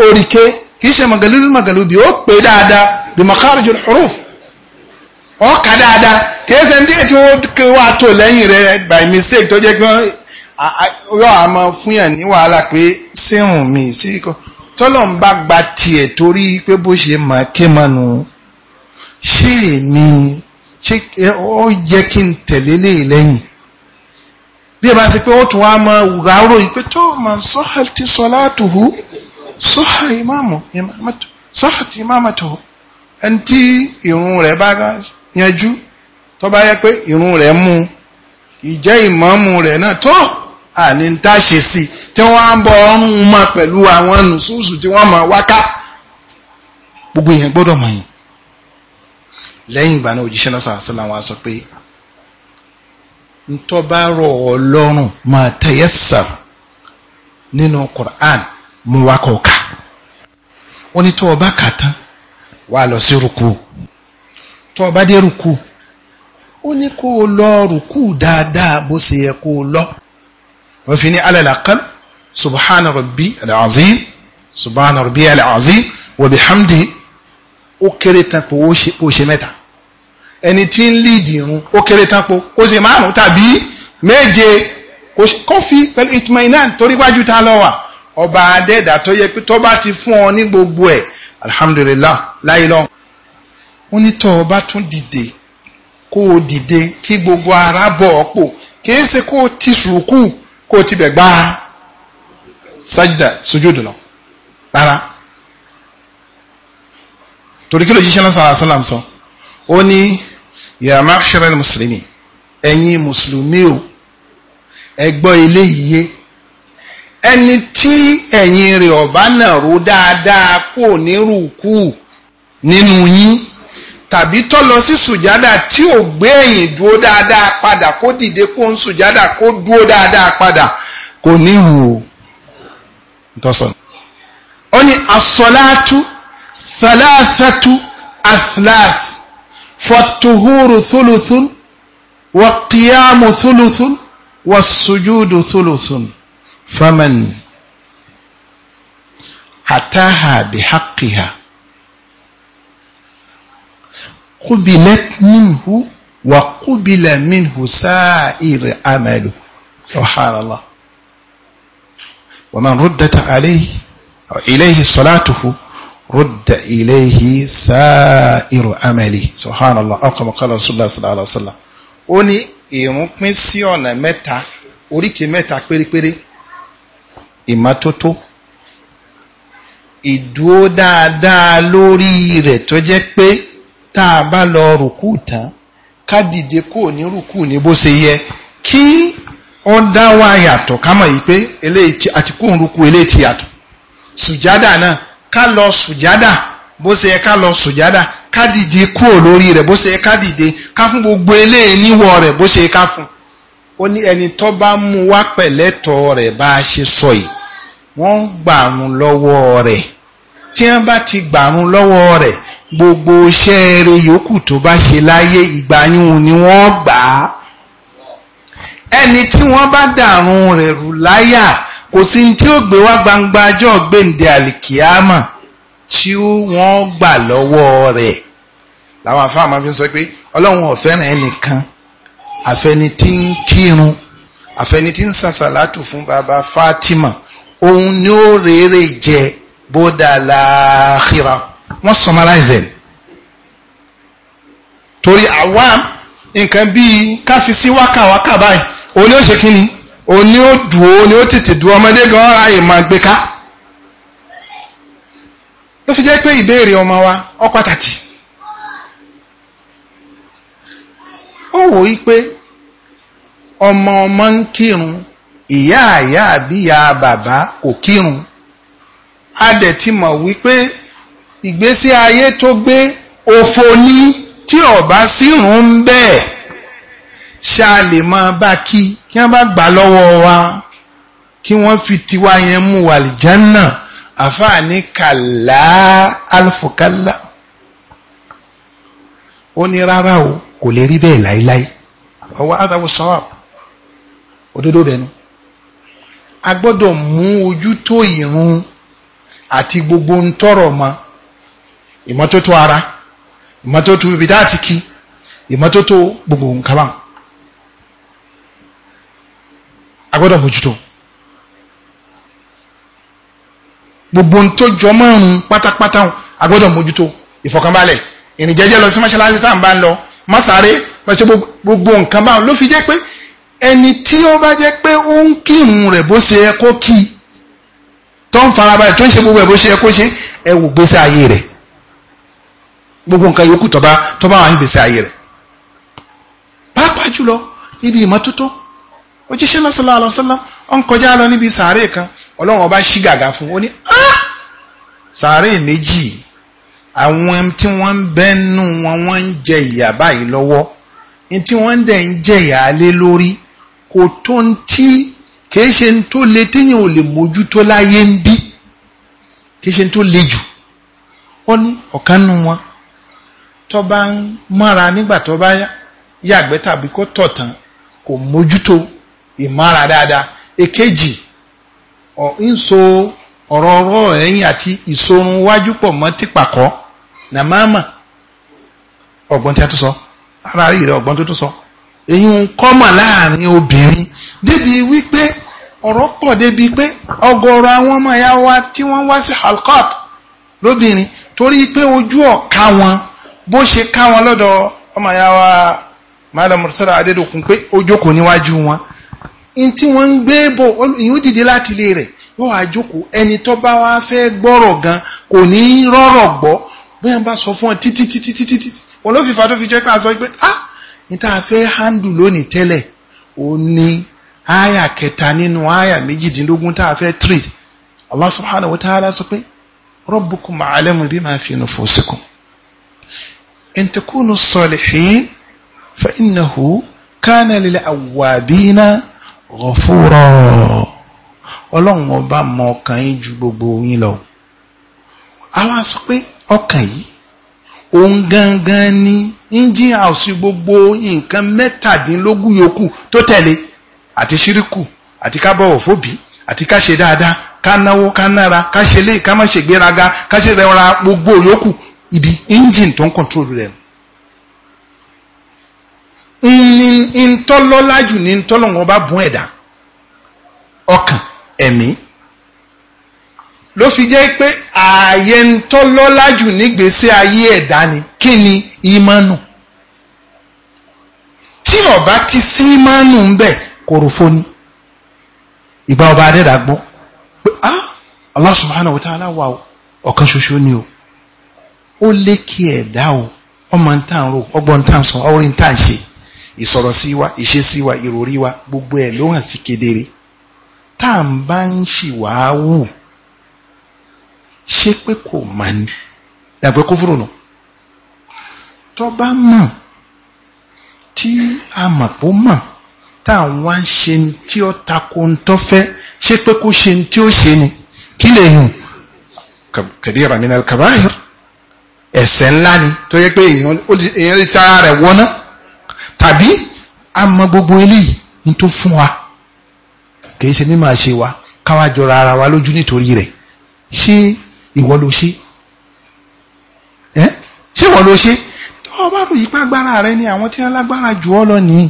oríke kì í ṣe mọ̀gàlúbí mọ̀gàlúbí ó pè dáadáa bí makharijul huruf wọ́n kà dáadáa kì í ṣe ní tí wọ́n wá tó lẹ́yìn rẹ̀ by mistake tó jẹ́ pé yọ àmọ́ fún yàn ní wàhálà pé sẹ́hùn mi sí kọ́ gba tiẹ̀ torí pé bó ṣe máa ké mọ́nu ṣé èmi ṣé ó yẹ kí n tẹ̀lé lè lẹ́yìn bí ẹ bá ṣe pé ó tún wá máa rárò yìí pé tó máa sọ́hà ti sọ látòhù sọ́hà ìmáàmù sọ́hà ti ìmáàmù tó ẹni tí ìrun rẹ̀ bá yanjú tó bá yẹ pé ìrun rẹ̀ mú ìjẹ́ ìmáàmù rẹ̀ náà tó àní tá a sí tí wọ́n á bọ ọrùn mọ́ pẹ̀lú àwọn nùsùsù tí wọ́n máa wáká gbogbo yẹn gbọ́dọ̀ mọ̀ yìí lẹ́yìn ìgbà náà òjíṣẹ́ náà sàrà sílẹ̀ àwọn sọ pé ntọ́ba rọ̀ ọ́ lọ́rùn máa tayassar nínú Qur'an mú wa kọ̀ ká ó ní tọ́ ọba kà tán wà lọ sí rúkú tọ́ ọba dé rúkú ó ní kó o lọ rúkú dáadáa bó ṣe yẹ kó o lọ wọ́n fi ní alal aqal subhana rabbi al-azim subhana rabbi al-azim wa bihamdi ó kéré tán po ó ṣe mẹ́ta ẹni tí ń lead irun ó kéré tán po ó ṣe márùn tàbí méje kó fi pẹ̀lú itmainan torí wájú ta lọ wà ọba adẹ́dà tó yẹ pé tó bá ti fún ọ ní gbogbo ẹ̀ alhamdulillah láyé lọ. wọ́n ní tọ́ ọ bá tún dìde kó o dìde kí gbogbo ara bọ̀ ọ́ pò kìí ṣe kó o ti sùúkù kó o ti bẹ̀ gbá sájúdà sójú dùnà rárá torí kí ló jíṣẹ́ náà sàlá sàlám sọ ó ní ya ma'shara al-muslimin ẹ̀yin mùsùlùmí o ẹ gbọ́ ilé yìí ẹni tí ẹ̀yin rẹ̀ ọ̀bá náà ró dáadáa kò ní rúkú nínú yín tàbí tó lọ sí sùjádà tí ò gbé ẹ̀yìn dúró dáadáa padà kó dìde kó ń sùjádà kó dúró dáadáa padà kò ní hù ó. ó ní asọ́látú ثلاثة أثلاث فالطهور ثلث والقيام ثلث والسجود ثلث فمن أتاها بحقها قبلت منه وقبل منه سائر عمله سبحان الله ومن ردت عليه أو إليه صلاته رد إليه سائر عملي سبحان الله أقم كما قال رسول الله صلى الله عليه وسلم أني ní ìrun متى sí متى mẹ́ta oríkèé mẹ́ta pérépéré ìmọ́tótó ìdúró dáadáa lórí rẹ̀ tó jẹ́ pé tá a bá lọ rùkú tán ká dìde kúrò ní rùkú ní bó ṣe yẹ kí ó dá wa yàtọ̀ ká mọ̀ yìí pé eléyìí àti kóhùn rùkú eléyìí ti yàtọ̀ sùjádà náà ká lọ sùjádà bó ṣe yẹ ká lọ sùjádà ká dìde kúrò lórí rẹ̀ bó ṣe yẹ ká dìde ká fún gbogbo eléyìí níwọ̀ rẹ̀ bó ṣe yẹ ká fún ó ní ẹni tó bá mú wá pẹ̀lẹ́tọ̀ rẹ̀ bá a ṣe sọ yìí wọ́n gbàrún lọ́wọ́ rẹ̀ tí wọ́n bá ti gbàrún lọ́wọ́ rẹ̀ gbogbo iṣẹ́ rẹ̀ yòókù tó bá ṣe láyé ìgbàyún ni wọ́n gbà á ẹni tí wọ́n bá dàrún rẹ̀ rù láyà kò sí ní tí ó gbé wá gbangba ọjọ́ gbèǹde àlìkíámà tí wọ́n gbà lọ́wọ́ rẹ̀ làwọn afáà máa fi sọ pé ọlọ́run ọ̀fẹ́ràn ẹnìkan àfẹni tí ń kírun àfẹni tí ń sàṣàlátù fún baba Fatima òun ni ó rèére jẹ bódà láàkírà wọ́n summarize ẹ̀ torí àwa nǹkan bíi káfíńsí wákàwákà báyìí òun ni ó ṣe kí ni. òní ó dùn ni ní tete tètè ọmọdé gan ráàyè máa gbé ká ló fi jẹ́ pé ìbéèrè ọmọ wa ó pàtàkì ó wò ó pé ọmọ ọmọ ń kírun ìyá àyá àbíyá bàbá kò kírun a dẹ̀ ti mọ̀ wípé ìgbésí ayé tó gbé òfò ní tí ọ̀bá sírun ń bẹ́ẹ̀. ṣá lè máa bá kí kí wọ́n bá gbà lọ́wọ́ wa kí wọ́n fi tiwa yẹn mú wàlìjánà àfààní kàlá alfukàlá ó ní rárá o kò lè rí bẹ́ẹ̀ láíláí ọwọ́ adáwọ̀ sọ́wọ́ òdodo bẹ̀nu a gbọ́dọ̀ mú ojú tó ìrun àti gbogbo ń tọrọ ìmọ́tótó ara ìmọ́tótó ibi dáàtì kí ìmọ́tótó gbogbo nǹkan báwọn agbọ́dọ̀ mójútó gbogbo ń tó jọ márùn pátápátá agbọ́dọ̀ mójútó ìfọ̀kànbalẹ̀ ìrìn jẹ́jẹ́ lọ sí mọ́ṣáláṣí tá à ń bá ń lọ má sáré pẹ̀sẹ̀ gbogbo nǹkan báwọn ló fi jẹ́ pé ẹni tí ó bá jẹ́ pé ó ń kírun rẹ̀ bó ṣe yẹ kó kí tó ń farabalẹ̀ tó ń ṣe gbogbo ẹ̀ bó ṣe yẹ kó ṣe ẹ wò gbèsè ayé rẹ̀ gbogbo nǹkan yòókù tó bá tó bá wà ń gbèsè ayé rẹ̀ pàápàá jùlọ níbi ìmọ́tótó òjíṣẹ́ náà sallallahu alaihi wasallam ọ̀n kọjá lọ níbi sàárè kan ọlọ́run ọba ṣí gàgà fún ó ní ah! sàárè méjì àwọn tí wọ́n ń bẹ́nu wọn wọ́n ń jẹ ìyà báyìí lọ́wọ́ ní tí wọ́n dẹ̀ ń jẹ ìyà lé lórí kò tó ń tí kìí ṣe ń tó le téèyàn ò lè mójútó láyé ń bí kìí ṣe ń tó le jù ó ní ọ̀kan nu wọn tó bá ń mọ́ra nígbà tó bá yàgbẹ́ tàbí kó tọ̀ tán kò mójútó ìmára dáadáa èkejì ń so ọ̀rọ̀ ọ̀rọ̀ ẹ̀yìn àti ìsorun wájú pọ̀ mọ́ tìpàkọ́ nà máàmà ọ̀gbọ́n tí a tún sọ ara rí rẹ ọ̀gbọ́n tó tún sọ èyí ń kọ́mọ̀ láàrin obìnrin débi wípé ọ̀rọ̀ pọ̀ débi pé ọ̀gọ̀rọ̀ àwọn ọmọ ìyá wa tí wọ́n wá sí halkot lóbìnrin torí pé ojú ọ̀ka wọn bó ṣe ká wọn lọ́dọ̀ ọmọ ìyá wa malam murtala adédokun pé ó jókòó níwájú wọn in tí wọ́n ń gbé bọ̀ ìyún dìde láti ilé rẹ̀ wọ́n wá jókòó ẹni tó bá wá fẹ́ gbọ́rọ̀ gan kò ní rọ́rọ̀ gbọ́ bóyá bá sọ fún ọ títí títí títí títí wọn ló fìfà tó fi jẹ́ ká sọ pé ah ní tá a fẹ́ handle lónìí tẹ́lẹ̀ ó ní àyà kẹta nínú àyà méjìdínlógún tá a fẹ́ trade Allah subhanahu wa ta'ala sọ pé rabbukum a'lamu bima fi nufusikum in takunu salihin fa innahu kana lil awwabina ghafura ọlọ́run ọba mọ ọkàn yín ju gbogbo yín lọ àwa sọ pé ọkàn yìí òun gangan ni engine house gbogbo nǹkan mẹ́tàdínlógún yòókù tó tẹ̀lé àti ṣíríkù àti ká bọ̀wọ̀ fóbi àti ká ṣe dáadáa ká náwó ká nára ká ṣe lé ká má ṣègbéraga ká ṣe rẹwà gbogbo yòókù ibi engine tó ń control rẹ̀ nù ntọ́lọ́lá jù ní ntọ́lọ́wọ́n bá bùn ẹ̀dá ọkàn ẹ̀mí ló fi jẹ́ pé ààyè ntọ́lọ́lá jù nígbèsè ayé ẹ̀dá ni kí ni ìmánu tí ọba ti sí ìmánu ń bẹ kòròfó ni ìgbà ọba adẹ́dà gbọ́ pé ah Allah subhanahu wa ta'ala wà o ọ̀kan ṣoṣo ni o ó lékè ẹ̀dá o ọmọ ntàn ro ọgbọ́n ntàn sọ ọ̀rìn ntàn ṣe ìsọ̀rọ̀ sí wa ìṣesí wa ìròrí wa gbogbo ẹ̀ ló hàn sí kedere tá à ń bá ń ṣìwàá wù ṣé pé kò mà ní dàgbẹ́ kó fúrò nù tó bá mọ̀ tí a mọ̀ pó mọ̀ tá à ń wá ṣe ni tí ó tako ń tọ́ fẹ́ ṣé pé kó ṣe ni tí ó ṣe ni kí lè hùn kabira minal kabahir ẹ̀ṣẹ̀ ńlá ni tó yẹ pé èèyàn lè tara rẹ̀ wọ́ná tàbí àmọ́ gbogbo eléyìí ní tó fún wa kì í ṣe mímọ̀ ṣe wa káwa jọra ara wa lójú nítorí rẹ̀ ṣé ìwọ ló ṣe ṣé ìwọ ló ṣe tó o bá rò yí pàgbára rẹ ni àwọn tí wọn lágbára jù ọ lọ nìyí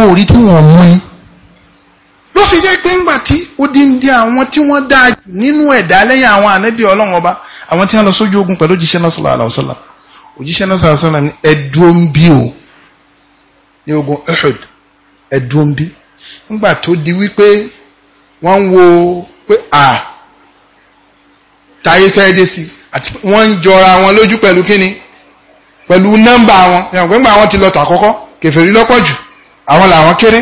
o rí tí wọn mú ni ló fi jẹ́ pé ńgbà tí ó dín dín àwọn tí wọ́n dáa jù nínú ẹ̀dá lẹ́yìn àwọn ànábì ọlọ́run ọba àwọn tí wọ́n lọ sójú ogun pẹ̀lú jíṣẹ́ náà sallallahu alaihi wasallam òjíṣẹ́ náà sọ̀rọ̀ sọ̀rọ̀ ẹ dúró ń bí o ní ogun Uhud ẹ dúró ń bí nígbà tó di wípé wọ́n ń wo pé à táyé fẹ́ dé sí àti wọ́n ń jọra wọn lójú pẹ̀lú kíni pẹ̀lú nọ́mbà wọn ìyàgbẹ́ ńgbà wọn ti lọ tà kọ́kọ́ lọ́pọ̀ jù àwọn làwọn kéré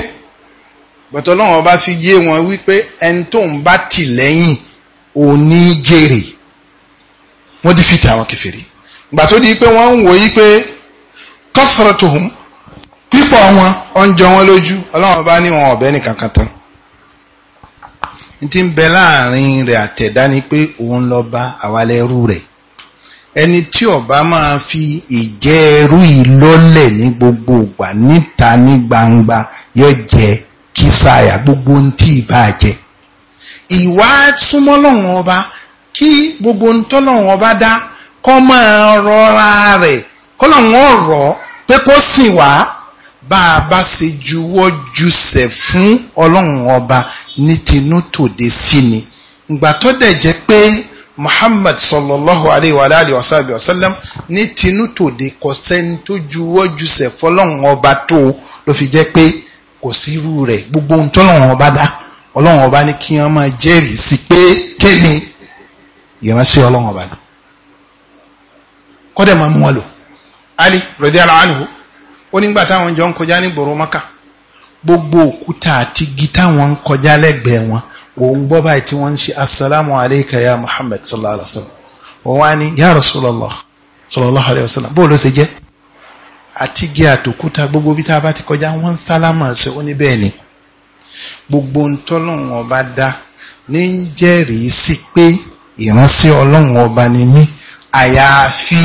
bọ̀tọ̀ lọ́wọ́n bá fi yé wọn wípé ẹni tó ń bá tì lẹ́yìn òní jèrè wọ́n ti fi tà àwọn kèfèrí gbà tó di pé wọ́n ń wòye pé kọ́sọ̀rọ̀tòhùn pípọ̀ wọn ọ̀ ń jọ wọn lójú ọlọ́run bá ní wọn ọ̀bẹ nìkan kan tán n ti ń bẹ láàrin rẹ̀ àtẹ̀dá ni pé òun lọ bá àwalẹ́rú rẹ̀ ẹni tí ọba máa fi ìjẹ́ ẹrú yìí lọ́lẹ̀ ní gbogbo ìgbà níta ní gbangba yóò jẹ kí gbogbo ohun tí ì jẹ ìwà súnmọ́ lọ́wọ́n ọba kí gbogbo ohun tọ́lọ́wọ́n ọba dá kọ́ máa rọra rẹ̀ kọ́ làwọn ò rọ̀ pé kó sì wá bá a bá ṣe juwọ́ jùsẹ̀ fún ọlọ́run ọba ní tinú tòde sí ni ìgbà tó dẹ̀ jẹ́ pé Muhammad sallallahu alayhi wa alayhi wa sallam wa sallam ní tinú tòde kò sẹ́ni tó juwọ́ jùsẹ̀ fọlọ́run ọba tó ló fi jẹ́ pé kò sírú rẹ̀ gbogbo ohun tọ́lọ́run ọba dá ọlọ́run ọba ní kí wọ́n máa jẹ́rìí sí pé kéde ìránṣẹ́ ọlọ́run ọba ni kọ́dẹ̀ máa mú wọn lò Ali radiyallahu anhu ó nígbà táwọn jọ ń kọjá ní gbòòrò Maka gbogbo òkúta àti igi táwọn ń kọjá lẹ́gbẹ̀ẹ́ wọn òun gbọ́ báyìí tí wọ́n ń ṣe assalamu alayka ya Muhammad sallallahu alayhi wa sallam wọ́n wá ní ya Rasulullah sallallahu alayhi wa sallam bó ló ṣe jẹ́ àti igi àtòkúta gbogbo bí tá a bá ti kọjá wọ́n ń sálámà ṣe ó ní bẹ́ẹ̀ ni gbogbo ntọ́lọ́run ọba dá ní ń jẹ́rìí sí pé ìránṣẹ́ ọlọ́run ọba ni mí àyàfi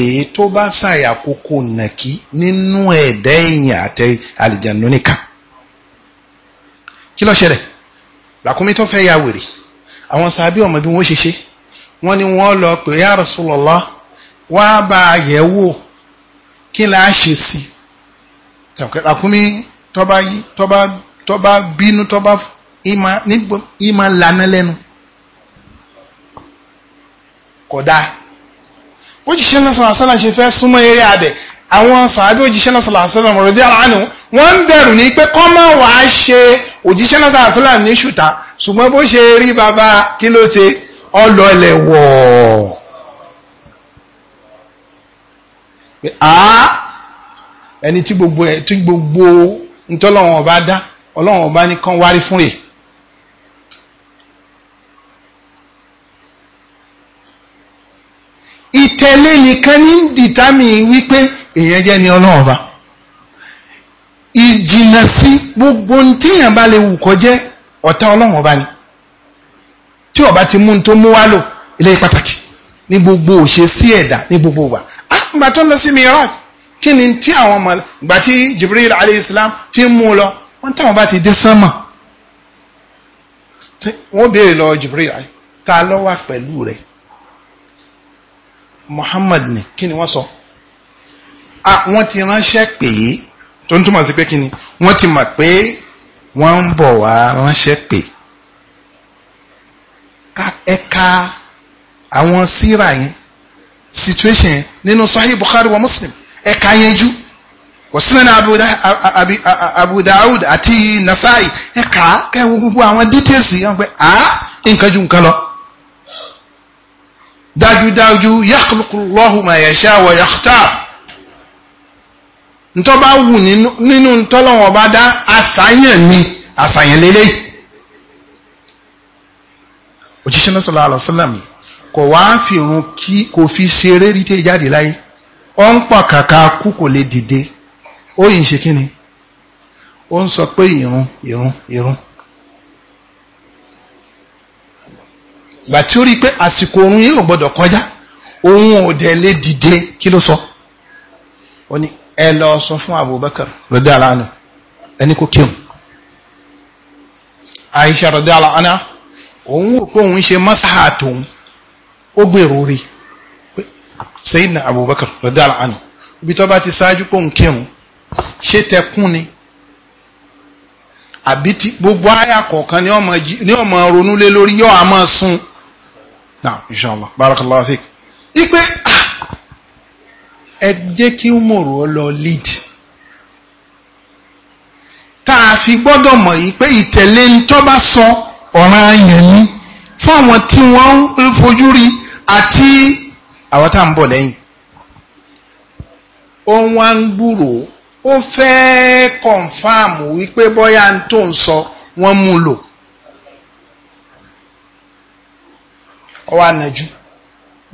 èyí tó bá ṣàyàkókò nàkí nínú ẹ̀dá èèyàn àtẹ àlìjànú nìkan kí ló ṣẹlẹ̀ làkúnmí tó fẹ́ ya wèrè àwọn sàbí ọmọ bí wọ́n ṣe ṣe wọ́n ní wọ́n lọ pé ya Rasulullah wá bá a yẹ̀ wò kí la ṣe sí làkúnmí tọ́ba tọ́ba tọ́ba bínú tọ́ba ìmọ̀ lànà lẹ́nu kódà òjíṣẹ́ náà sọ̀rọ̀ sọ́nà ṣe fẹ́ súnmọ́ eré abẹ àwọn sàábí òjíṣẹ́ náà sọ̀rọ̀ sọ́nà mọ̀rọ̀ dí ara nù wọ́n ń bẹ̀rù ní pé kọ́mọ̀ wà á ṣe òjíṣẹ́ náà sọ̀rọ̀ sọ́nà ní ṣùtà ṣùgbọ́n bó ṣe rí baba kí ló ṣe ọlọ́ọ̀lẹ̀ wọ̀ọ̀. ẹni tí gbogbo ẹ̀ tí gbogbo ntọ́lọ́wọ̀n ọba dá ọlọ́wọ̀n ọba nìkan wárí fún rèé tẹ̀lé nìkan ní dìtámì wípé èèyàn jẹ́ ni ọlọ́run ọba ìjìnà sí gbogbo tíyàn bá lè wù kó jẹ́ ọ̀tá ọlọ́run ọba ni tí ọba ti mú un tó mú wá lò eléyìí pàtàkì ní gbogbo òṣè sí ẹ̀dá ní gbogbo wa àgbà ah, tó ń lọ sí mìíràn kí ni tí àwọn ọmọ ìgbà tí Jibril alayhi salam ti ń mú un lọ wọ́n táwọn bá ti dé sánmà wọ́n béèrè lọ Jibril ta ló wà pẹ̀lú rẹ̀ Muhammad ni kí ni wọ́n sọ wọ́n ti ránṣẹ́ pé tó ń túmọ̀ sí pé kí ni wọ́n ti mọ̀ pé wọ́n ń bọ̀ wá ránṣẹ́ pé ẹ̀ka àwọn síra yẹn situation yẹn nínú Sahih Bukhari wa Muslim ẹ̀ka yẹn jù wọ́sílẹ̀ ní Abu Daoud àti Nasai ẹ̀ka kẹ́wọ́ gbogbo àwọn details yẹn pé a nǹkan ju nǹkan lọ dájúdájú yakhluqullahu ma yasha wa yakhtar ntọ́ bá wù nínú ntọ́lọ́wọ́n bá dá àṣàyàn ni àṣàyàn lélẹ́yìí òjíṣẹ́ náà sallallahu alaihi wasallam kò wá fi irun kí kò fi ṣeré rí tẹ́ jáde láyé ó ń pọ̀ kàkà kú kò lè dìde ó yìí ń ṣe kíni ó ń sọ pé ìrun ìrun ìrun gbà tí ó rí i pé àsìkò oorun yìí ò gbọdọ̀ kọjá òun ò dẹ̀ lè dìde kí ló sọ ó ní ẹ lọ sọ fún Abubakar rẹdí aláàánú ẹni kò kírun Aisha rẹdí aláàánú òun ò pé òun ṣe masaha tòun ó gbèrò rí pé Sayyidina Abubakar rẹdí aláàánú ibi tó bá ti ṣáájú pé òun kírun ṣé tẹkùn ni àbí gbogbo àyà kọ̀ọ̀kan ni ọmọ ronú lé lórí yóò á máa sun náà inshallah barakallahu fik ipe ah! ẹ jẹ́ kí umaru ọ lọ lead tá a fi gbọ́dọ̀ mọ̀ yìí pé ìtẹ̀lé ń tọ́ bá sọ ọ̀ràn ayàn ni fún àwọn tí wọ́n ń fojú rí àti àwọn tá à ń bọ̀ lẹ́yìn ó wá ń gbúrò ó fẹ́ kọ̀ǹfàmù wípé bóyá ń sọ wọ́n mú lò. ó wá nàjú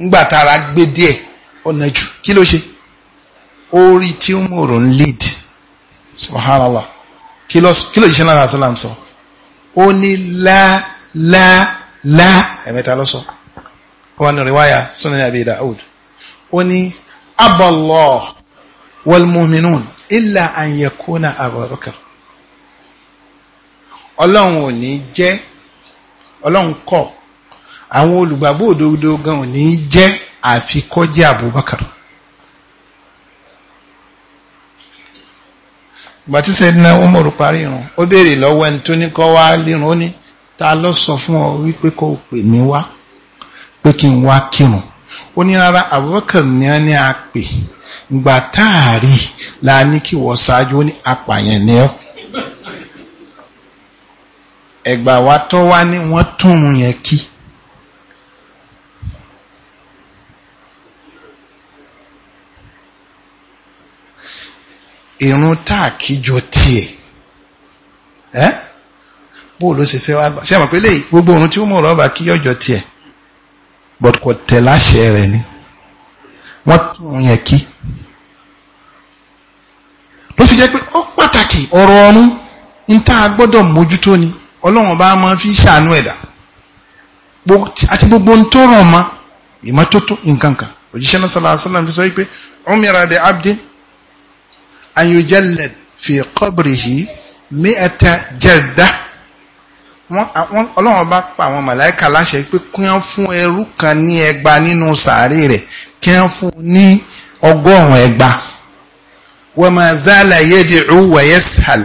ńgbà tára gbé díẹ̀ ó nàjú kí ló ṣe orí tí ó mòrò ń lead subhanallah kí ló yìí náà sọ́làm sọ ó ní lá lá lá ẹ̀mẹ́ta lọ́sọ ó wà ní rìwáyà sunan abi daud ó ní aballah walmuminun illa an yakuna ọlọ́run ò ní jẹ́ ọlọ́run kọ̀ àwọn olùgbàgbọ́ òdodo gan ò ní jẹ́ àfikọ́jẹ́ Abubakar gbàtí sẹ́dínà Umar parí irun ó béèrè lọ́wọ́ ẹni tó ní kọ́ wá lírun ó ní ta ló sọ fún ọ wípé kò pè mí wá pé kí n wá kírun ó ní rárá Abubakar ní a ní a pè gbà táàrí la ní kí wọ́n ṣáájú ó ní apààyàn ní ọ́ ẹ̀gbà wa tọ́ wá ní wọ́n tún un yẹn kí ìrun táàkìjọ tiẹ̀ ẹ́ bó ló ṣe fẹ́ wá gbà gbogbo òun tí ó mú ọ̀rọ̀ kí ọjọ́ but ni wọ́n tún yẹn kí fi jẹ́ pé ó pàtàkì ọ̀rọ̀ ọ̀run ní tá a gbọ́dọ̀ mójútó ni ọlọ́run bá máa fi ṣàánú ẹ̀dá àti gbogbo ohun tó rọ̀ mọ́ ìmọ́tótó nǹkan kan òjíṣẹ́ náà sallallahu alaihi fi sọ an yujallad fi qabrihi mi'ata jalda wọ́n ọlọ́run bá pa àwọn màláìka láṣẹ pé kí wọ́n fún ẹrú kan ní ẹgba nínú sàárè rẹ̀ kí wọ́n fún ní ọgọ́rùn-ún ẹgba wa ma zala yad'u wa yashal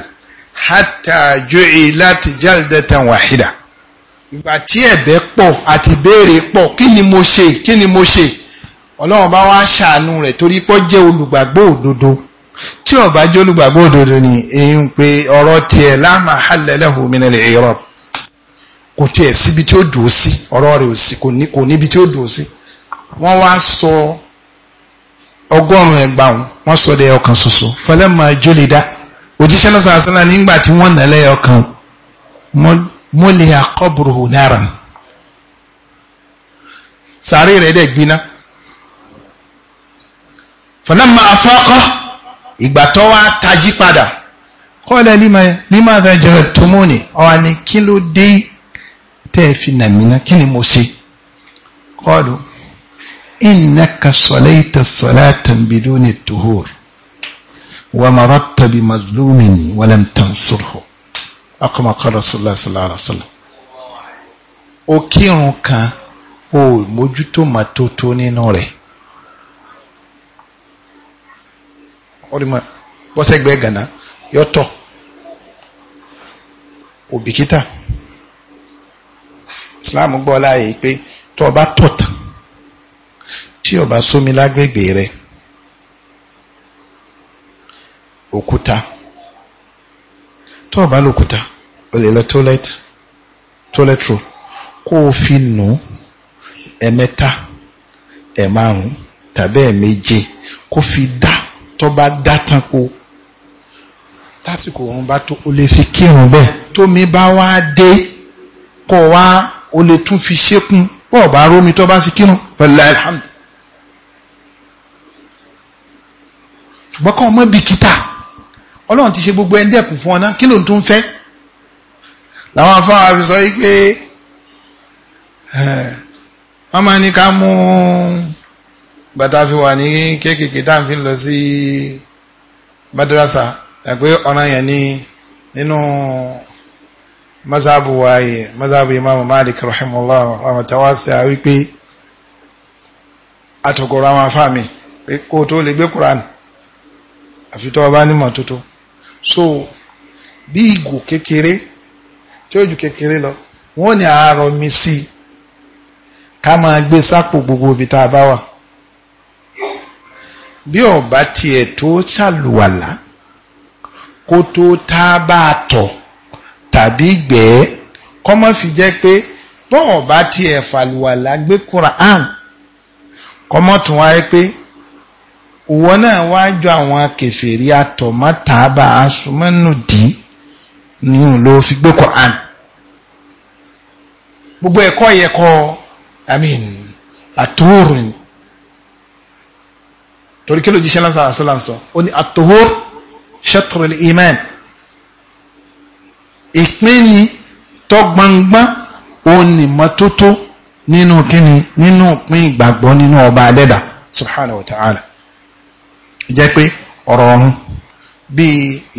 hatta ju'ilat jaldatan wahida ìgbà tí ẹ̀bẹ̀ pọ̀ àti béèrè pọ̀ kí ni mo ṣe kí ni mo ṣe ọlọ́run bá wá ṣàánú rẹ̀ torí pé jẹ́ olùgbàgbọ́ òdodo tí ó bá jẹ́ olùgbàgbọ́ òdodo ni èyí ń pe ọ̀rọ̀ tiẹ̀ la mahalla lahu min al-i'rab kò tiẹ̀ síbi tí ó dùn sí ọ̀rọ̀ rẹ̀ òsì kò níbi tí ó dùn sí wọ́n wá sọ ọgọ́rùn-ún ẹgbàá wọ́n sọ dẹ̀ ọkàn ṣoṣo falamma julida òjíṣẹ́ náà sàn sánà nígbà tí wọ́n nàlẹ́ ọkàn muliha qabruhu naran sàárè rẹ̀ dẹ̀ gbiná falamma afaqa ìgbà tó wá tají padà kọ́lẹ̀ lima ẹ̀jẹ̀ tó mú ni ọ̀wá ni kí ló dé tẹ́ ẹ fi nàmínà kí ni mo ṣe kọ́lù innaka salaita salatan biduni tuhur wa maratta bi mazlumin wa lam tansurhu akama qala sallallahu alaihi kan o mójútó màtótó nínú rẹ̀ ọdúnmọ bọ́sẹ̀gbẹ́ gànà yọtọ̀ òbíkítà Islam gbọ́ láàyè pé tó o bá tọ̀ tán tí o bá sómi lágbègbè rẹ òkúta tó o lòkúta o lọ toilet toilet roll kó o fi nù ẹ̀mẹ́ta ẹ̀márùn tàbí ẹ̀méje kó fi dá tó bá dátan po tásìkò òun bá tó o lè fi kírun bẹ́ẹ̀ tómi bá wá dé kó wá o lè tún fi ṣékún bó o bá rómi tó bá fi kírun pẹ̀lú alhamdu ṣùgbọ́n kọ́ ọmọ bìkítà ọlọ́run ti ṣe gbogbo ẹni dẹ̀kùn fún ọ náà kí ló ń tún fẹ́ làwọn afáwọn fi sọ wípé wọ́n máa ní ká mú un bàtà fi wà ní kéékèèké tá à ń fi lọ sí madrasa ẹ̀pẹ́ ọ̀ràn yẹn ní nínú mazabu waaye mazabu imaamu malik rahimahullah rahmatawasi a wípé àtọ̀kọ̀rọ̀ àwọn afáàmì pé kó tó lè gbé quran àfi tó bá nímọ̀ tuntun so bí ìgò kékeré tí ó ju kékeré lọ wọ́n ní àárọ̀ mi sí ká máa gbé sápò gbogbo ibi tá a bá wà bí ọba tiẹ̀ tó ṣàlùwàlà kó tó tá bá a tọ̀ tàbí gbẹ́ kọ́mọ́ fi jẹ́ pé bọ́ ọba tiẹ̀ fàlùwàlà gbé Quran kọ́mọ́ tún wáyé pé òwò náà wáá jọ àwọn kèfèrí atọ̀mọ́ tàbá asùnmọ́nù dì nínú ló fi gbé Quran gbogbo ẹ̀kọ́ yẹ kọ́ I mean àtúrò ni torí kí ló jíṣẹ́ lásán àṣàlám sọ ó ní àtòhór ṣẹ́tùrù ìmán ìpín ni tọ́ gbangban òun ni mọ́tótó nínú kíni nínú pín ìgbàgbọ́ nínú ọba adẹ́dà subhanahu wa ta'ala jẹ́ pé ọ̀rọ̀ ọ̀run bí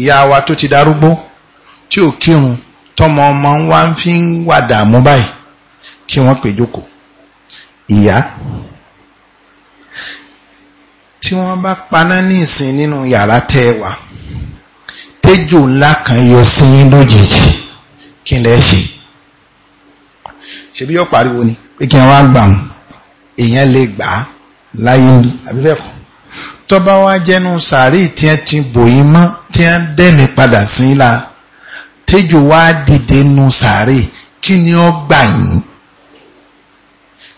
ìyá wa tó ti darúgbó tí ò kírun tọmọ ọmọ wa fi ń wà dààmú báyìí kí wọ́n pè jókòó ìyá tí wọ́n bá paná ní ìsìn nínú yàrá tẹ́ wà ńlá kan yọ sí lójijì kí n lẹ́ ṣe ṣebí yóò pariwo ni pé kí n wá gbà wọn èèyàn lè gbà á láyé mi àbí bẹ́ẹ̀ kọ́ tọ́ba wa jẹ́nu sàárì tí wọ́n ti bòyí mọ́ tí wọ́n dẹ́mi padà sí la tẹ́jò wá dìde nu sàárì kí ni ó gbà yín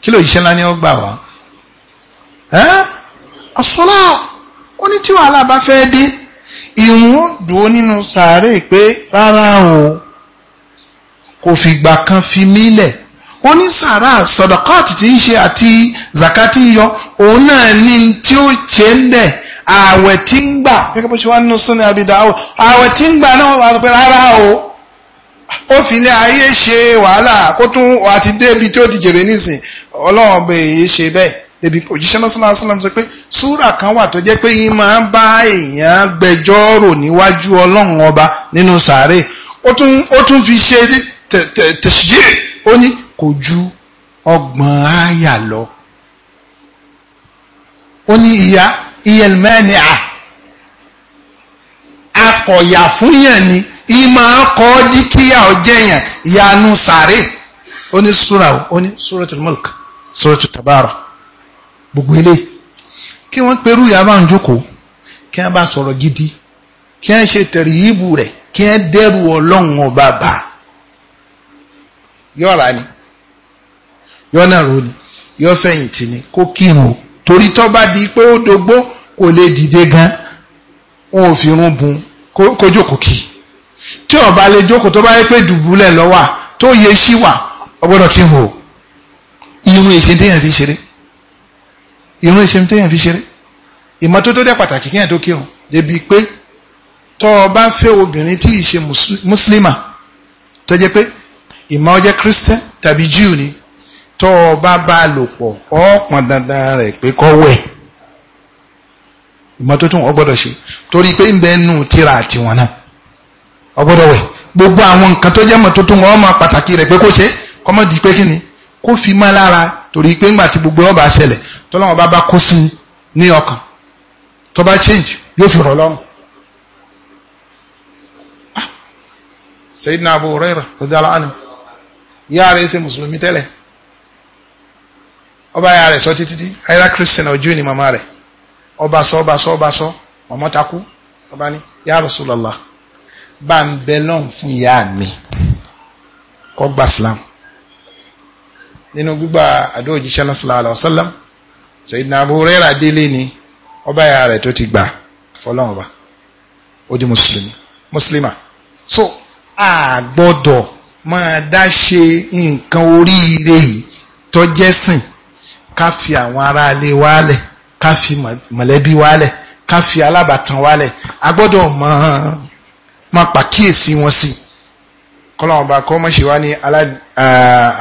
kí lóòjì ṣẹlá ni ó gbà wá àṣọlá ó ní tí wàhálà bá fẹ́ dé ìrun ó dùn ó nínú sàárè pé rárá o kò fìgbà kan fi mí ó ní sàárà sọ̀dọ̀kọ́ọ̀tì tí ń ṣe àti zakati ń yọ òun náà ní tí ó ṣe ń bẹ̀ ààwẹ̀ tí ń gbà gẹ́gẹ́ bó ṣe wá nínú sunni abidà àwọ̀ ààwẹ̀ tí ń gbà náà wà pé rárá o ó fi ilé ayé ṣe wàhálà kó tún àti débi tí ó ti jèrè nísìn ọlọ́run ọbẹ̀ èyí ṣe bẹ́ẹ̀ ebi òjíṣẹ́ náà sọ́lá sọ́lá sọ pé súrà kan wà tó jẹ́ pé yín máa ń bá èèyàn gbẹjọ́rò níwájú ọlọ́run ọba nínú sàárè ó tún ó tún fi ṣe tẹ̀síjì ó ní kò ju ọgbọ̀n àyà lọ ó ní ìyá iyẹlmẹ́ni à akọ̀yà fún yàn ni ìmọ̀ akọ́ dí kíyà ọjẹ́ yàn ìyanu sàárè ó ní súrà ó ní súratul mulk súratul tabara gbogbo ilé kí wọ́n perú yàrá ń jókòó kí wọ́n bá sọ̀rọ̀ gidi kí wọ́n ṣe tẹ̀rí ìbù rẹ̀ kí wọ́n dẹ́rù ọlọ́run ọba bá yọ̀ọ̀ra ni yọ̀ọ̀nà ro ni yọ̀ọ̀fẹ̀yìntì ni kó kírun o torí tó bá di pé ó dogbó kò lè dìde gan wọn ò fi irun bun kó jókòó kì í tí ó lè jókòó tó bá yẹ pé dùbúlẹ̀ lọ́wà tó yẹ ṣíwà ó kírun o irun èsì déyàn fi ṣeré irun ìṣe téèyàn fi ṣeré ìmọ́tótó dẹ̀ pàtàkì kéèyàn tó kírun débi pé tọ́ ọ bá fẹ́ obìnrin tí ì ṣe mùsùlùmá tó jẹ́ pé ìmọ̀ ọjẹ́ christian tàbí jew ni tọ́ ọ bá bá a lò pọ̀ ọ́ pọn dandan rẹ̀ pé kọ́ wẹ̀ ìmọ́tótó wọn gbọ́dọ̀ ṣe torí pé ń bẹ nù tíra àti wọn náà ọ wẹ̀ gbogbo àwọn nǹkan tó jẹ́ mọ́tótó wọn ọmọ pàtàkì rẹ̀ pé kó ṣe kọ́mọ́ di pé kí kó fi mọ́ lára torí pé ńgbà tí gbogbo ọba ṣẹlẹ̀ tọ́lọ́wọ́n bá bá kó sí ní ọkàn change yóò fi rọ̀ lọ́rùn. Ah! Abu mùsùlùmí ọba sọ títí tí ayélujára christian ọjọ́ ni màmá rẹ̀ ọba sọ ọba sọ ọba sọ ya bá nínú gbígbà àdó òjíṣẹ́ náà sallallahu alaihi wasallam Sayyidina délé ni ọba ìyá rẹ̀ tó ti gbà fọlọ́run ọba ó di mùsùlùmí mùsùlùmá so a gbọ́dọ̀ máa dá ṣe nǹkan oríire yìí tọ́jẹ́sìn ká fi àwọn aráalé wálẹ̀ ká fi mọ̀lẹ́bí wálẹ̀ ká fi alábàtàn wálẹ̀ a gbọ́dọ̀ máa máa pàkíyèsí wọn sí i kọ́lọ́wọ́n bá kọ́ mọ̀ ṣe wá ní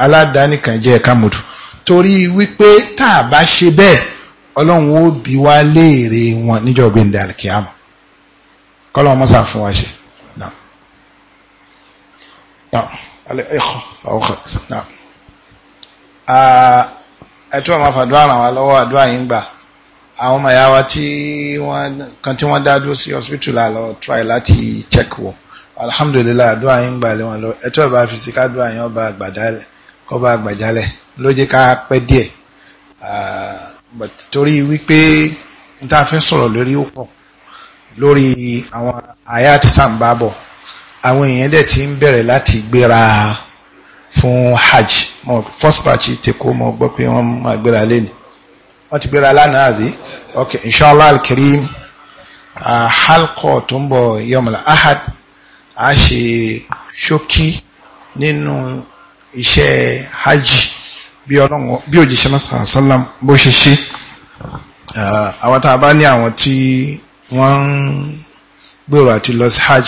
aládàáníkànjẹ́ ẹ̀ka mọ̀tò torí wípé tá a bá ṣe bẹ́ẹ̀ ọlọ́run ó bi wá léèrè wọn níjọ́ gbẹ̀ndẹ̀ àlùkìyàmọ̀ kọ́lọ́wọ́n mọ́sà fún wa ṣe. ẹtú àwọn afàdúrà ràn wá lọ́wọ́ àdúrà yìí ń gbà àwọn ọmọ ìyá wa kan tí wọ́n dá dúró sí hospital àlọ́ try láti check wọ́n alhamdulilayi àdúrà yín gbà lé wọn lọ ẹtọ́ ìbá fi sí kádùn àyàn ọba àgbàdálẹ̀ kọba àgbàjálẹ̀ ló jẹ́ ká pẹ́ díẹ̀ torí wípé n tá a fẹ́ sọ̀rọ̀ lórí ó pọ̀ lórí àwọn àyà títà ń bá bọ̀ àwọn èèyàn dẹ̀ ti ń bẹ̀rẹ̀ láti gbéra fún hajj mo first batch ti kó mo gbọ́ pé wọ́n máa gbéra lẹ́nu wọ́n ti gbéra lánàá àbí ok inshallah al-karim tó ń bọ̀ yọmọlá ahad a ṣe ṣókí nínú iṣẹ́ hajj bí ọlọ́run bí òjíṣẹ́ náà sàlám bó ṣe ṣe ah, àwọn tá a bá ní àwọn tí wọ́n ń gbèrò àti lọ sí hajj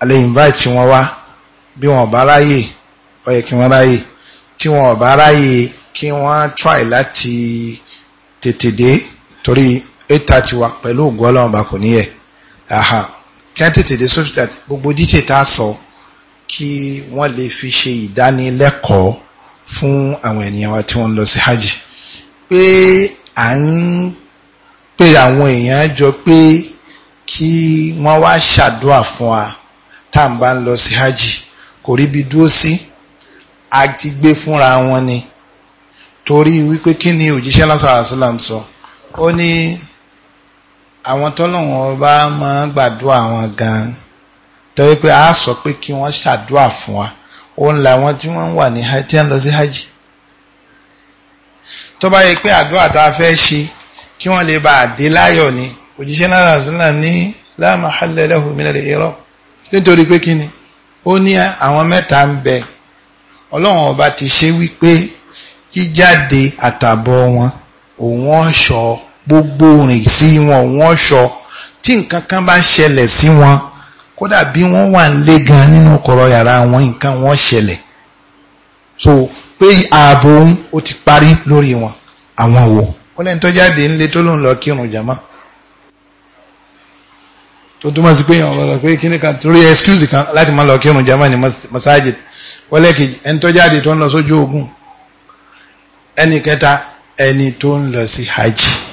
a lè invite wọn wá bí wọn bá ráyè ó yẹ kí wọ́n ráyè tí wọn bá ráyè kí wọ́n try láti tètè dé torí eight wa pẹ̀lú ògùn ọlọ́run bá kò níyẹ̀ kí wọ́n tètè dé social that gbogbo detail tá a sọ kí wọ́n lè fi ṣe ìdánilẹ́kọ̀ọ́ fún àwọn ènìyàn wa tí wọ́n ń lọ sí hajj pé à ń pé àwọn èèyàn jọ pé kí wọ́n wá ṣàdúà fún wa tá à ń bá ń lọ sí hajj kò rí bí dúró sí a fúnra wọn ni torí wípé kí ni òjíṣẹ́ lásán àṣìlám sọ ó ní àwọn tọ́lọ́wọ́n ọba máa ń gbàdúrà wọn gan-an torí pé a sọ pé kí wọ́n ṣàdúrà fún wa òun làwọn tí wọ́n ń wà ní tí wọ́n lọ sí hajj tó bá yẹ pé àdúrà tá a fẹ́ ṣe kí wọ́n lè bá a dé láyọ̀ ni òjíṣẹ́ náà sílẹ̀ ní la mahalla lahu min al-i'rab nítorí pé kí ni ó ní àwọn mẹ́ta ń bẹ ọlọ́run ọba ti ṣe wípé jíjáde àtàbọ̀ wọn òun ọ̀ṣọ́ gbogbo rìn sí wọn wọ́n sọ tí nǹkan kan bá ṣẹlẹ̀ sí wọn kódà bí wọ́n wà nílé gan nínú kọ̀rọ̀ yàrá wọn nǹkan wọn ṣẹlẹ̀ so pé ààbò òun ó ti parí lórí wọn àwọn wò ó lẹ́ni tó jáde nílé tó lòun lọ kírun jàmá tó túmọ̀ sí pé yàn wọ́n lọ pé kíní kan torí excuse kan láti má lọ kírun jàmá ní masáàjì wọ́lẹ́kejì ẹni tó jáde tó ń lọ sójú ogun ẹni kẹta ẹni tó ń lọ sí hajj.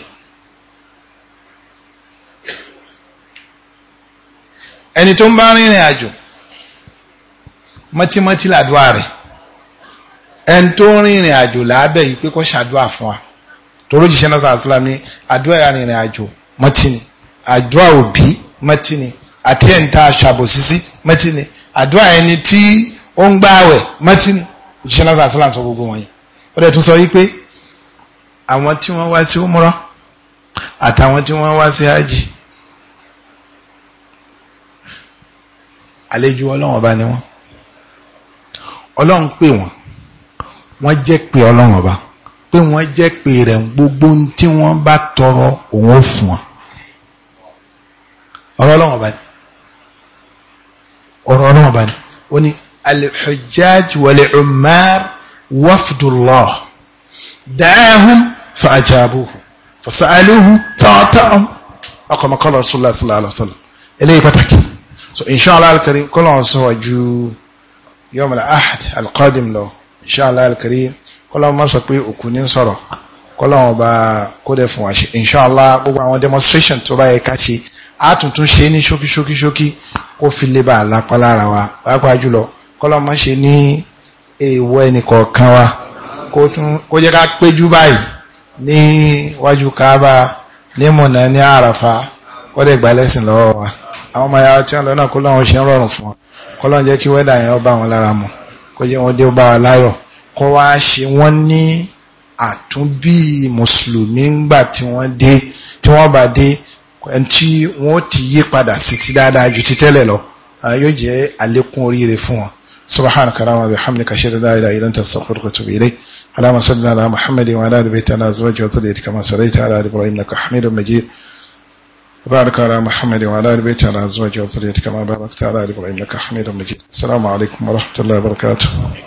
ẹni tó ń bá rìnrìn àjò mọ́tímọ́tí làdúrà rẹ̀ ẹni tó ń rìnrìn àjò làábẹ̀ yìí pé kó ṣàdúrà fún wa torí jíṣẹ́ náà sàásùlá àdúrà rìnrìn àjò mọ́tí ni àdúrà òbí mọ́tí ni àti ẹni tá a ṣàbòsísí mọ́tí ni àdúrà ẹni tí ó ń gbààwẹ̀ mọ́tí ni jíṣẹ́ náà sàásùlá sọ gbogbo wọn yìí ó dẹ̀ tún sọ yìí pé àwọn tí wọ́n wá sí umrah àtàwọn tí wọ́n wá sí hajj àlejò ọlọ́run ọba ni wọ́n ọlọ́run pè wọ́n wọ́n jẹ́ pé ọlọ́run ọba pé wọ́n jẹ́ pé rẹ̀ gbogbo tí wọ́n bá tọrọ òun ó fún wọn ọ̀rọ̀ ọlọ́run ọba ni ọ̀rọ̀ ọlọ́run ọba ni ó ní al-hujjaj wal-ummar wafdullah da'ahum fa'ajabuhu fasa'aluhu ọkọ̀ mọ́kànlá rasulullah sallallahu alaihi wasallam eléyìí pàtàkì so inshallah al-karim kọ́ lọ́wọ́ sọ wájú yom al-ahad al-qadim lọ inshallah al-karim kọ́ lọ́wọ́ má sọ pé òkú ní sọ̀rọ̀ kọ́ lọ́wọ́ bá kó fún wa inshallah gbogbo àwọn demonstration tó bá yẹ ká ṣe a tún tún ṣe ní ṣókí ṣókí ṣókí kó fi lè bá àlápá lára wa pàápàá jùlọ kọ́ lọ́wọ́ má ṣe ní èèwọ̀ ẹnìkọ̀ọ̀kan wa kó jẹ́ ká péjú báyìí ní wájú kaaba ní mọ̀nà ní àràfà kọ́dẹ̀ gba lẹ́sìn lọ́wọ́ wa àwọn ọmọ ayáwó tí wọ́n lọ náà kó lọ́wọ́ ṣe ń rọrùn fún wọn kọ́ lọ́n jẹ́ kí wẹ́dà yẹn bá wọn lára mu kó jẹ́ wọn dé bá wa láyọ̀ kó wá ṣe wọ́n ní àtúnbí mùsùlùmí ńgbà tí wọ́n dé tí wọ́n bá dé tí wọ́n ti yí padà sí ti dáadáa ju ti tẹ́lẹ̀ lọ yóò jẹ́ àlékún oríire fún wọn subhanaka wa bihamdika ashhadu an la ilaha illa anta astaghfiruka wa atubu ilayk اللهم صل على محمد وعلى ال بيت انا ازواج وذريتك كما صليت على ال ابراهيم انك حميد بارك على محمد وعلى آل بيته على أزواجه وذريته كما باركت على آل إبراهيم إنك حميد مجيد السلام عليكم ورحمة الله وبركاته